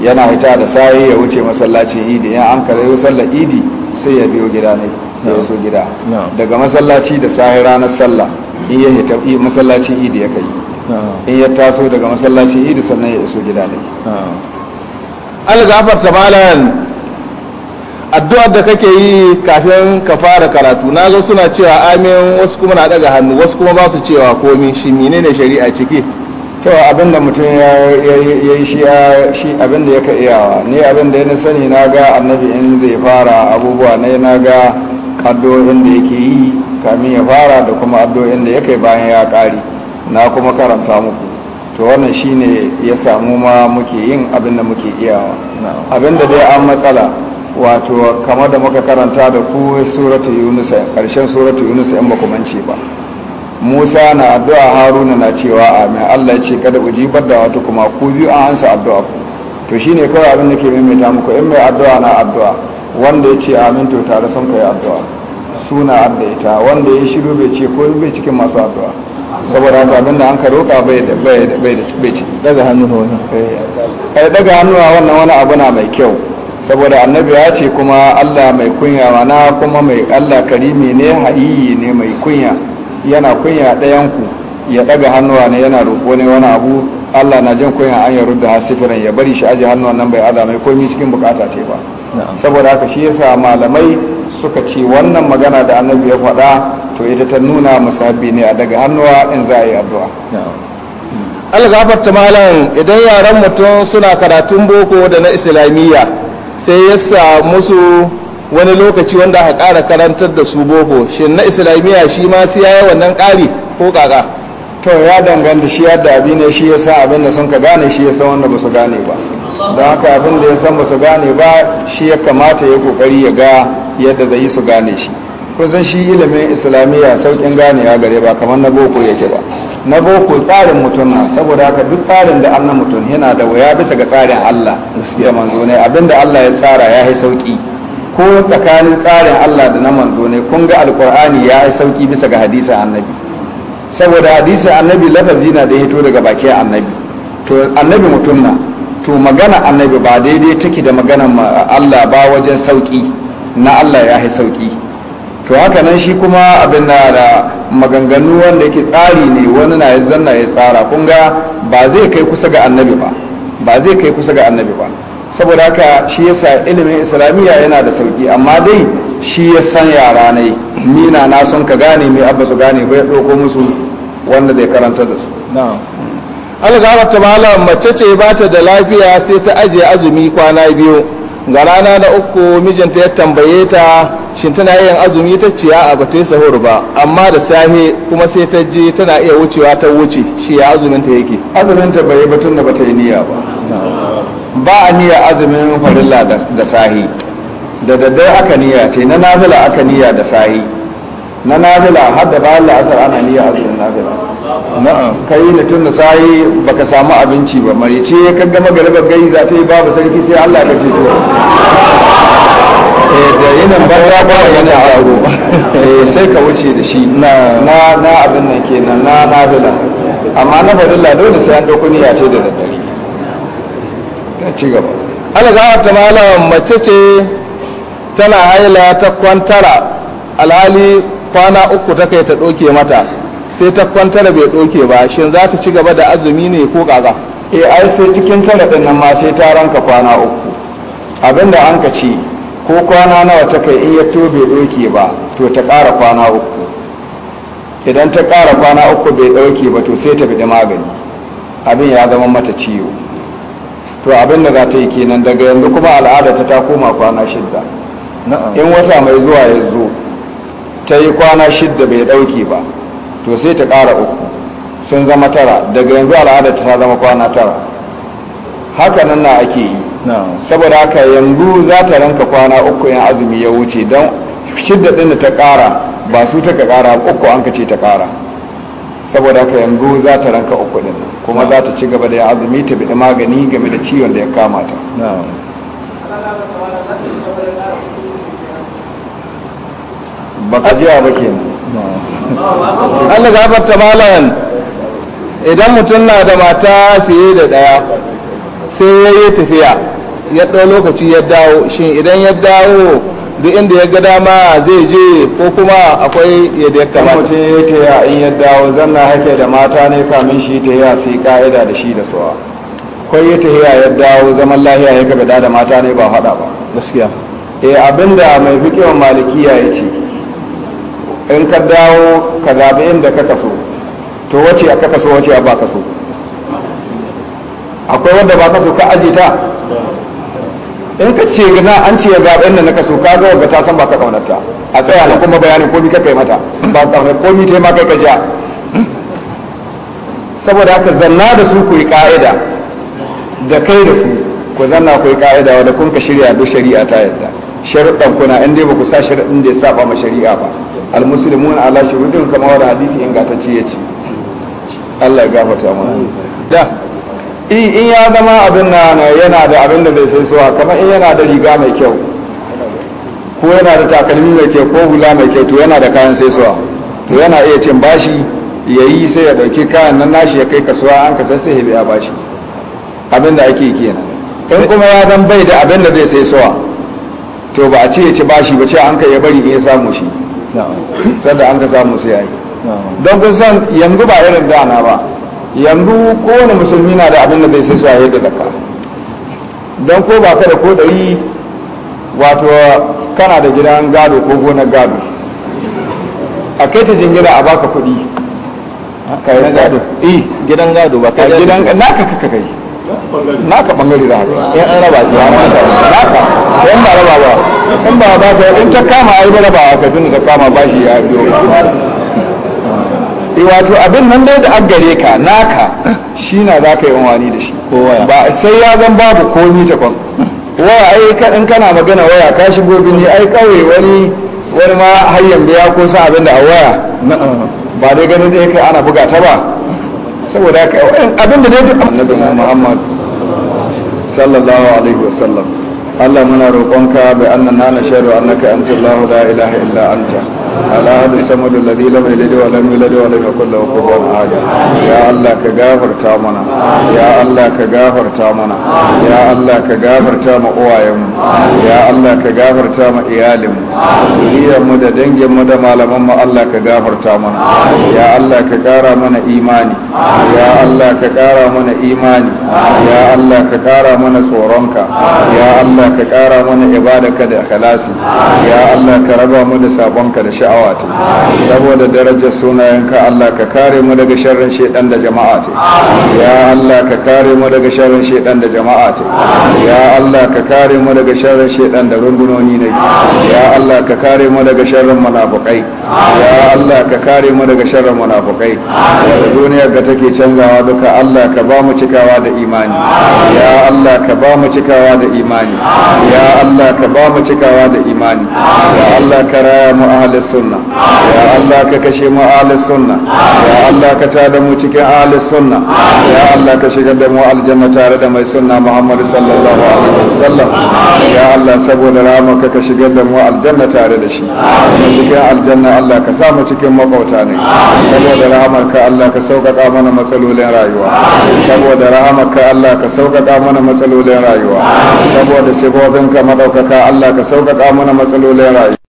yana hita da sayi ya wuce masallacin idi yan an kare sallar idi sai ya biyo gida ne ya so gida daga masallaci da sayi ranar sallah in ya hita masallacin idi ya kai in ya taso daga masallacin idi sannan ya iso gida ne algafarta ta malan addu'ar da kake yi kafin ka fara karatu na ga suna cewa amin wasu kuma na daga hannu wasu kuma ba su cewa komi shi menene shari'a ciki cewa abin da mutum ya yi shi abin da ya iyawa ni abin ya sani na ga annabi in zai fara abubuwa ne na ga addu'o'in da yake yi kamin ya fara da kuma addu'o'in da ya kai bayan ya ƙari na kuma karanta muku to wannan shine ya samu ma muke yin abin da muke iyawa abin da dai an matsala wato kamar da muka karanta da ku suratu yunus karshen suratu yunus in baku mance ba musa na addu'a haruna na cewa amin allah ya ce kada uji da wata kuma ku biyu an ansa addu'a ku to ne kawai abin da ke maimaita muku in mai addu'a na addu'a wanda ya ce amin tare sun kai addu'a suna adda ita wanda ya shiru bai ce ko bai cikin masu addu'a saboda haka abinda an ka roƙa bai da bai da bai da bai ci daga hannu wani ai eh, daga hannu wannan wani abu na mai kyau saboda annabi ya ce kuma Allah mai kunya mana kuma mai Allah karimi ne ha'iyi ne mai kunya yana kunya ɗayan ku ya daga hannu ne yana roƙo ne wani abu Allah na jin kunya an ya rudda hasifiran ya bari shi aje hannuwan nan bai ada mai komi cikin bukata ce ba saboda haka shi yasa malamai suka ce wannan magana da annabi ya faɗa to ita ta nuna musabi ne a daga hannuwa in za a yi addu'a hmm. algafarta malam idan yaran mutum suna karatun boko da na islamiyya sai ya sa musu wani lokaci wanda aka ƙara karantar da su boko shin na islamiyya shi ma sai ya wannan ƙari ko kaka to ya danganta shi yadda abin ne shi ya sa abin da sun ka gane shi ya sa wanda ba su gane ba Da haka abin da ya san ba su gane ba shi ya kamata ya kokari ya ga yadda zai su gane shi kusan shi ilimin islamiyya saukin ya gare ba kamar na boko yake ba na boko tsarin mutum na saboda haka duk tsarin da annan mutum yana da wuya bisa ga tsarin allah da manzo ne abin da allah ya tsara ya yi sauki ko tsakanin tsarin allah da na manzo ne kun ga alkur'ani ya yi sauki bisa ga hadisin annabi saboda hadisin annabi lafazi na da ya hito daga bakin annabi to annabi mutum na to magana annabi ba daidai take da magana Allah ba wajen sauki na Allah ya sauki to haka nan shi kuma abin na da maganganu wanda yake tsari ne wani na ya zanna ya tsara kun ga ba zai kai kusa ga annabi ba ba zai kai kusa ga annabi ba saboda haka shi yasa ilimin islamiyya yana da sauki amma dai shi ya san yara ne mina na sun ka gane mai abba su gane bai ɗauko musu wanda zai karanta da su algawar ta mala mace ce ba ta da lafiya sai ta ajiye azumi kwana biyu ga rana na uku mijinta ya tambaye ta shin tana yin azumi ta ce a ba ta yi sahur ba amma da safe kuma sai ta je tana iya wucewa ta wuce shi ya azumin ta yake azumin ta bai batun da bata yi niyya ba ba a niyya azumin farilla da sahi da Daddai aka niyya ce na nafila aka niyya da sahi na nafila har da bayan la'asar ana niyya azumin nafila kai da tun da sai baka samu abinci ba marice ya kan gama garibar gari za ta yi babu sarki sai allah ka fito eh, da yinin barra ba yana aro eh, sai ka wuce da shi na na abin nan kenan na nafila amma na farilla dole sai an dauko niyya ce da daddare ka ci gaba Allah za ta malam mace ce tana haila ta kwantara alhali kwana uku ta kai ta ɗoke mata sai ta da bai ɗoke ba shin za ta ci gaba da azumi ne ko kaza e eh, ai sai cikin tara ɗin nan ma sai ta ranka kwana uku abinda an ka ce ko kwana nawa ta kai in ya to bai ɗoke ba to ta ƙara kwana uku idan ta ƙara kwana uku bai ɗauke ba to sai ta bi magani abin ya zama mata ciwo to abin da za ta yi kenan daga yanzu kuma al'ada ta ta koma kwana shidda in wata mai zuwa ya zo ta yi kwana shidda bai ɗauke ba to sai ta ƙara uku sun zama tara daga yanzu al'adar ta zama kwana tara haka nan na ake yi saboda haka yanzu za ta ranka kwana uku yan azumi ya wuce don shidda ɗin da ta kara ba su ta ƙara uku an ka ce ta ƙara saboda haka yanzu za ta ranka uku ɗin kuma za ta ci gaba da azumi ta bi magani game da ciwon da ya kamata. ba ka ba ke Allah gafarta malayan idan mutum na da mata fiye da ɗaya sai ya yi tafiya ya ɗau lokaci ya dawo shi idan ya dawo duk inda ya ga dama zai je ko kuma akwai yadda ya kamata mutum ya ta ya in ya dawo zanna hake da mata ne kamin shi ta yi sai ka'ida da shi da suwa kwai ya ta ya dawo zaman lahiya ya gaba da mata ne ba haɗa ba gaskiya eh abinda mai fikiyon malikiya ya ce in ka dawo ka zaɓi inda ka kaso to wace a ka kaso wace a ba kaso akwai wanda ba kaso ka aje ta in ka ce gina an ce ya zaɓi inda na kaso ka ga ta san ba ka kaunarta a tsaya da kuma bayanin komi ka kai mata ba kaunar komi ta ma kai ka ja saboda haka zanna da su ku yi ka'ida da kai da su ku zanna ku yi ka'ida wadda kun ka shirya duk shari'a ta yadda sharuɗan kuna in dai ba ku sa sharuɗin da ya saba ma shari'a ba almuslimun ala shurudin kama wani hadisi ce ya ce Allah ya gafarta mu da in ya zama abin na yana da abin da bai sai suwa kamar in yana da riga mai kyau ko yana da takalmi mai kyau ko hula mai kyau to yana da kayan sai suwa to yana iya cin bashi ya yi sai ya ɗauki kayan nan nashi ya kai kasuwa an kasa sai ya biya bashi abin da ake kenan in kuma ya zan bai da abin da zai sai suwa to ba a ce ya ci bashi ba ce an ka ya bari in ya samu shi sanda an ka samu sai ya yi don kun san yanzu ba irin dana ba yanzu kowane musulmi na da abin da zai sai su a yadda daga don ko ba kada ko ɗari wato kana da gidan gado ko gonar gado a kai ta jingina a baka kuɗi eh, gidan gado ba gidan naka kaka kai naka bangare da haka in an raba ya amma ka naka in ba raba ba in ba ba ta in ta kama ai da raba ka tun da kama ba shi ya biyo eh wato abin nan dai da gare ka naka shi na za ka yi wani da shi ba sai ya zan babu komi ta kwan waya ai in kana magana waya ka shigo bini ai kawai wani wani ma hayyan biya ko sa abin da a waya ba dai ganin da yake ana buga ta ba saboda haka abinda dai duk annabi Muhammad sallallahu alaihi wasallam Allah muna roƙonka bai annana na sharu annaka antallahu la ilaha illa anta al'adu sama da lam mai wa lam yulad wa lam yakul lahu kufuwan ahad ya Allah ka gafarta mana ya Allah ka gafarta mana ya Allah ka gafarta ma uwayenmu ya Allah ka gafarta ma iyalinmu zuriyarmu da danginmu da malamanmu Allah ka gafarta mana ya Allah ka kara mana imani ya Allah ka kara mana imani ya Allah ka kara mana tsoronka ya Allah ka kara mana ibadaka da ikhlasi ya Allah ka raba mu da sabonka da sha'awa ta saboda darajar sunayenka Allah ka kare mu daga sharrin shaidan da jama'a ta ya Allah ka kare mu daga sharrin shaidan da jama'a ta ya Allah ka kare mu daga sharrin shaidan da rundunoni ne ya Allah ka kare mu daga sharrin munafukai ya Allah ka kare mu daga sharrin munafukai da duniyar da take canzawa duka Allah ka ba mu cikawa da imani ya Allah ka ba mu cikawa da imani ya Allah ka ba mu cikawa da imani ya Allah ka raya mu ahlis sunna ya Allah ka kashe mu ahli sunna ya Allah ka tada mu cikin ahli sunna ya Allah ka shigar da mu aljanna tare da mai sunna Muhammad sallallahu alaihi wasallam ya Allah saboda rahama ka shigar da mu aljanna tare da shi cikin aljanna Allah ka sa mu cikin makauta ne saboda rahamar ka Allah ka sauƙaƙa mana matsalolin rayuwa saboda rahamar ka Allah ka sauƙaƙa mana matsalolin rayuwa saboda sifofin ka madaukaka Allah ka sauƙaƙa mana matsalolin rayuwa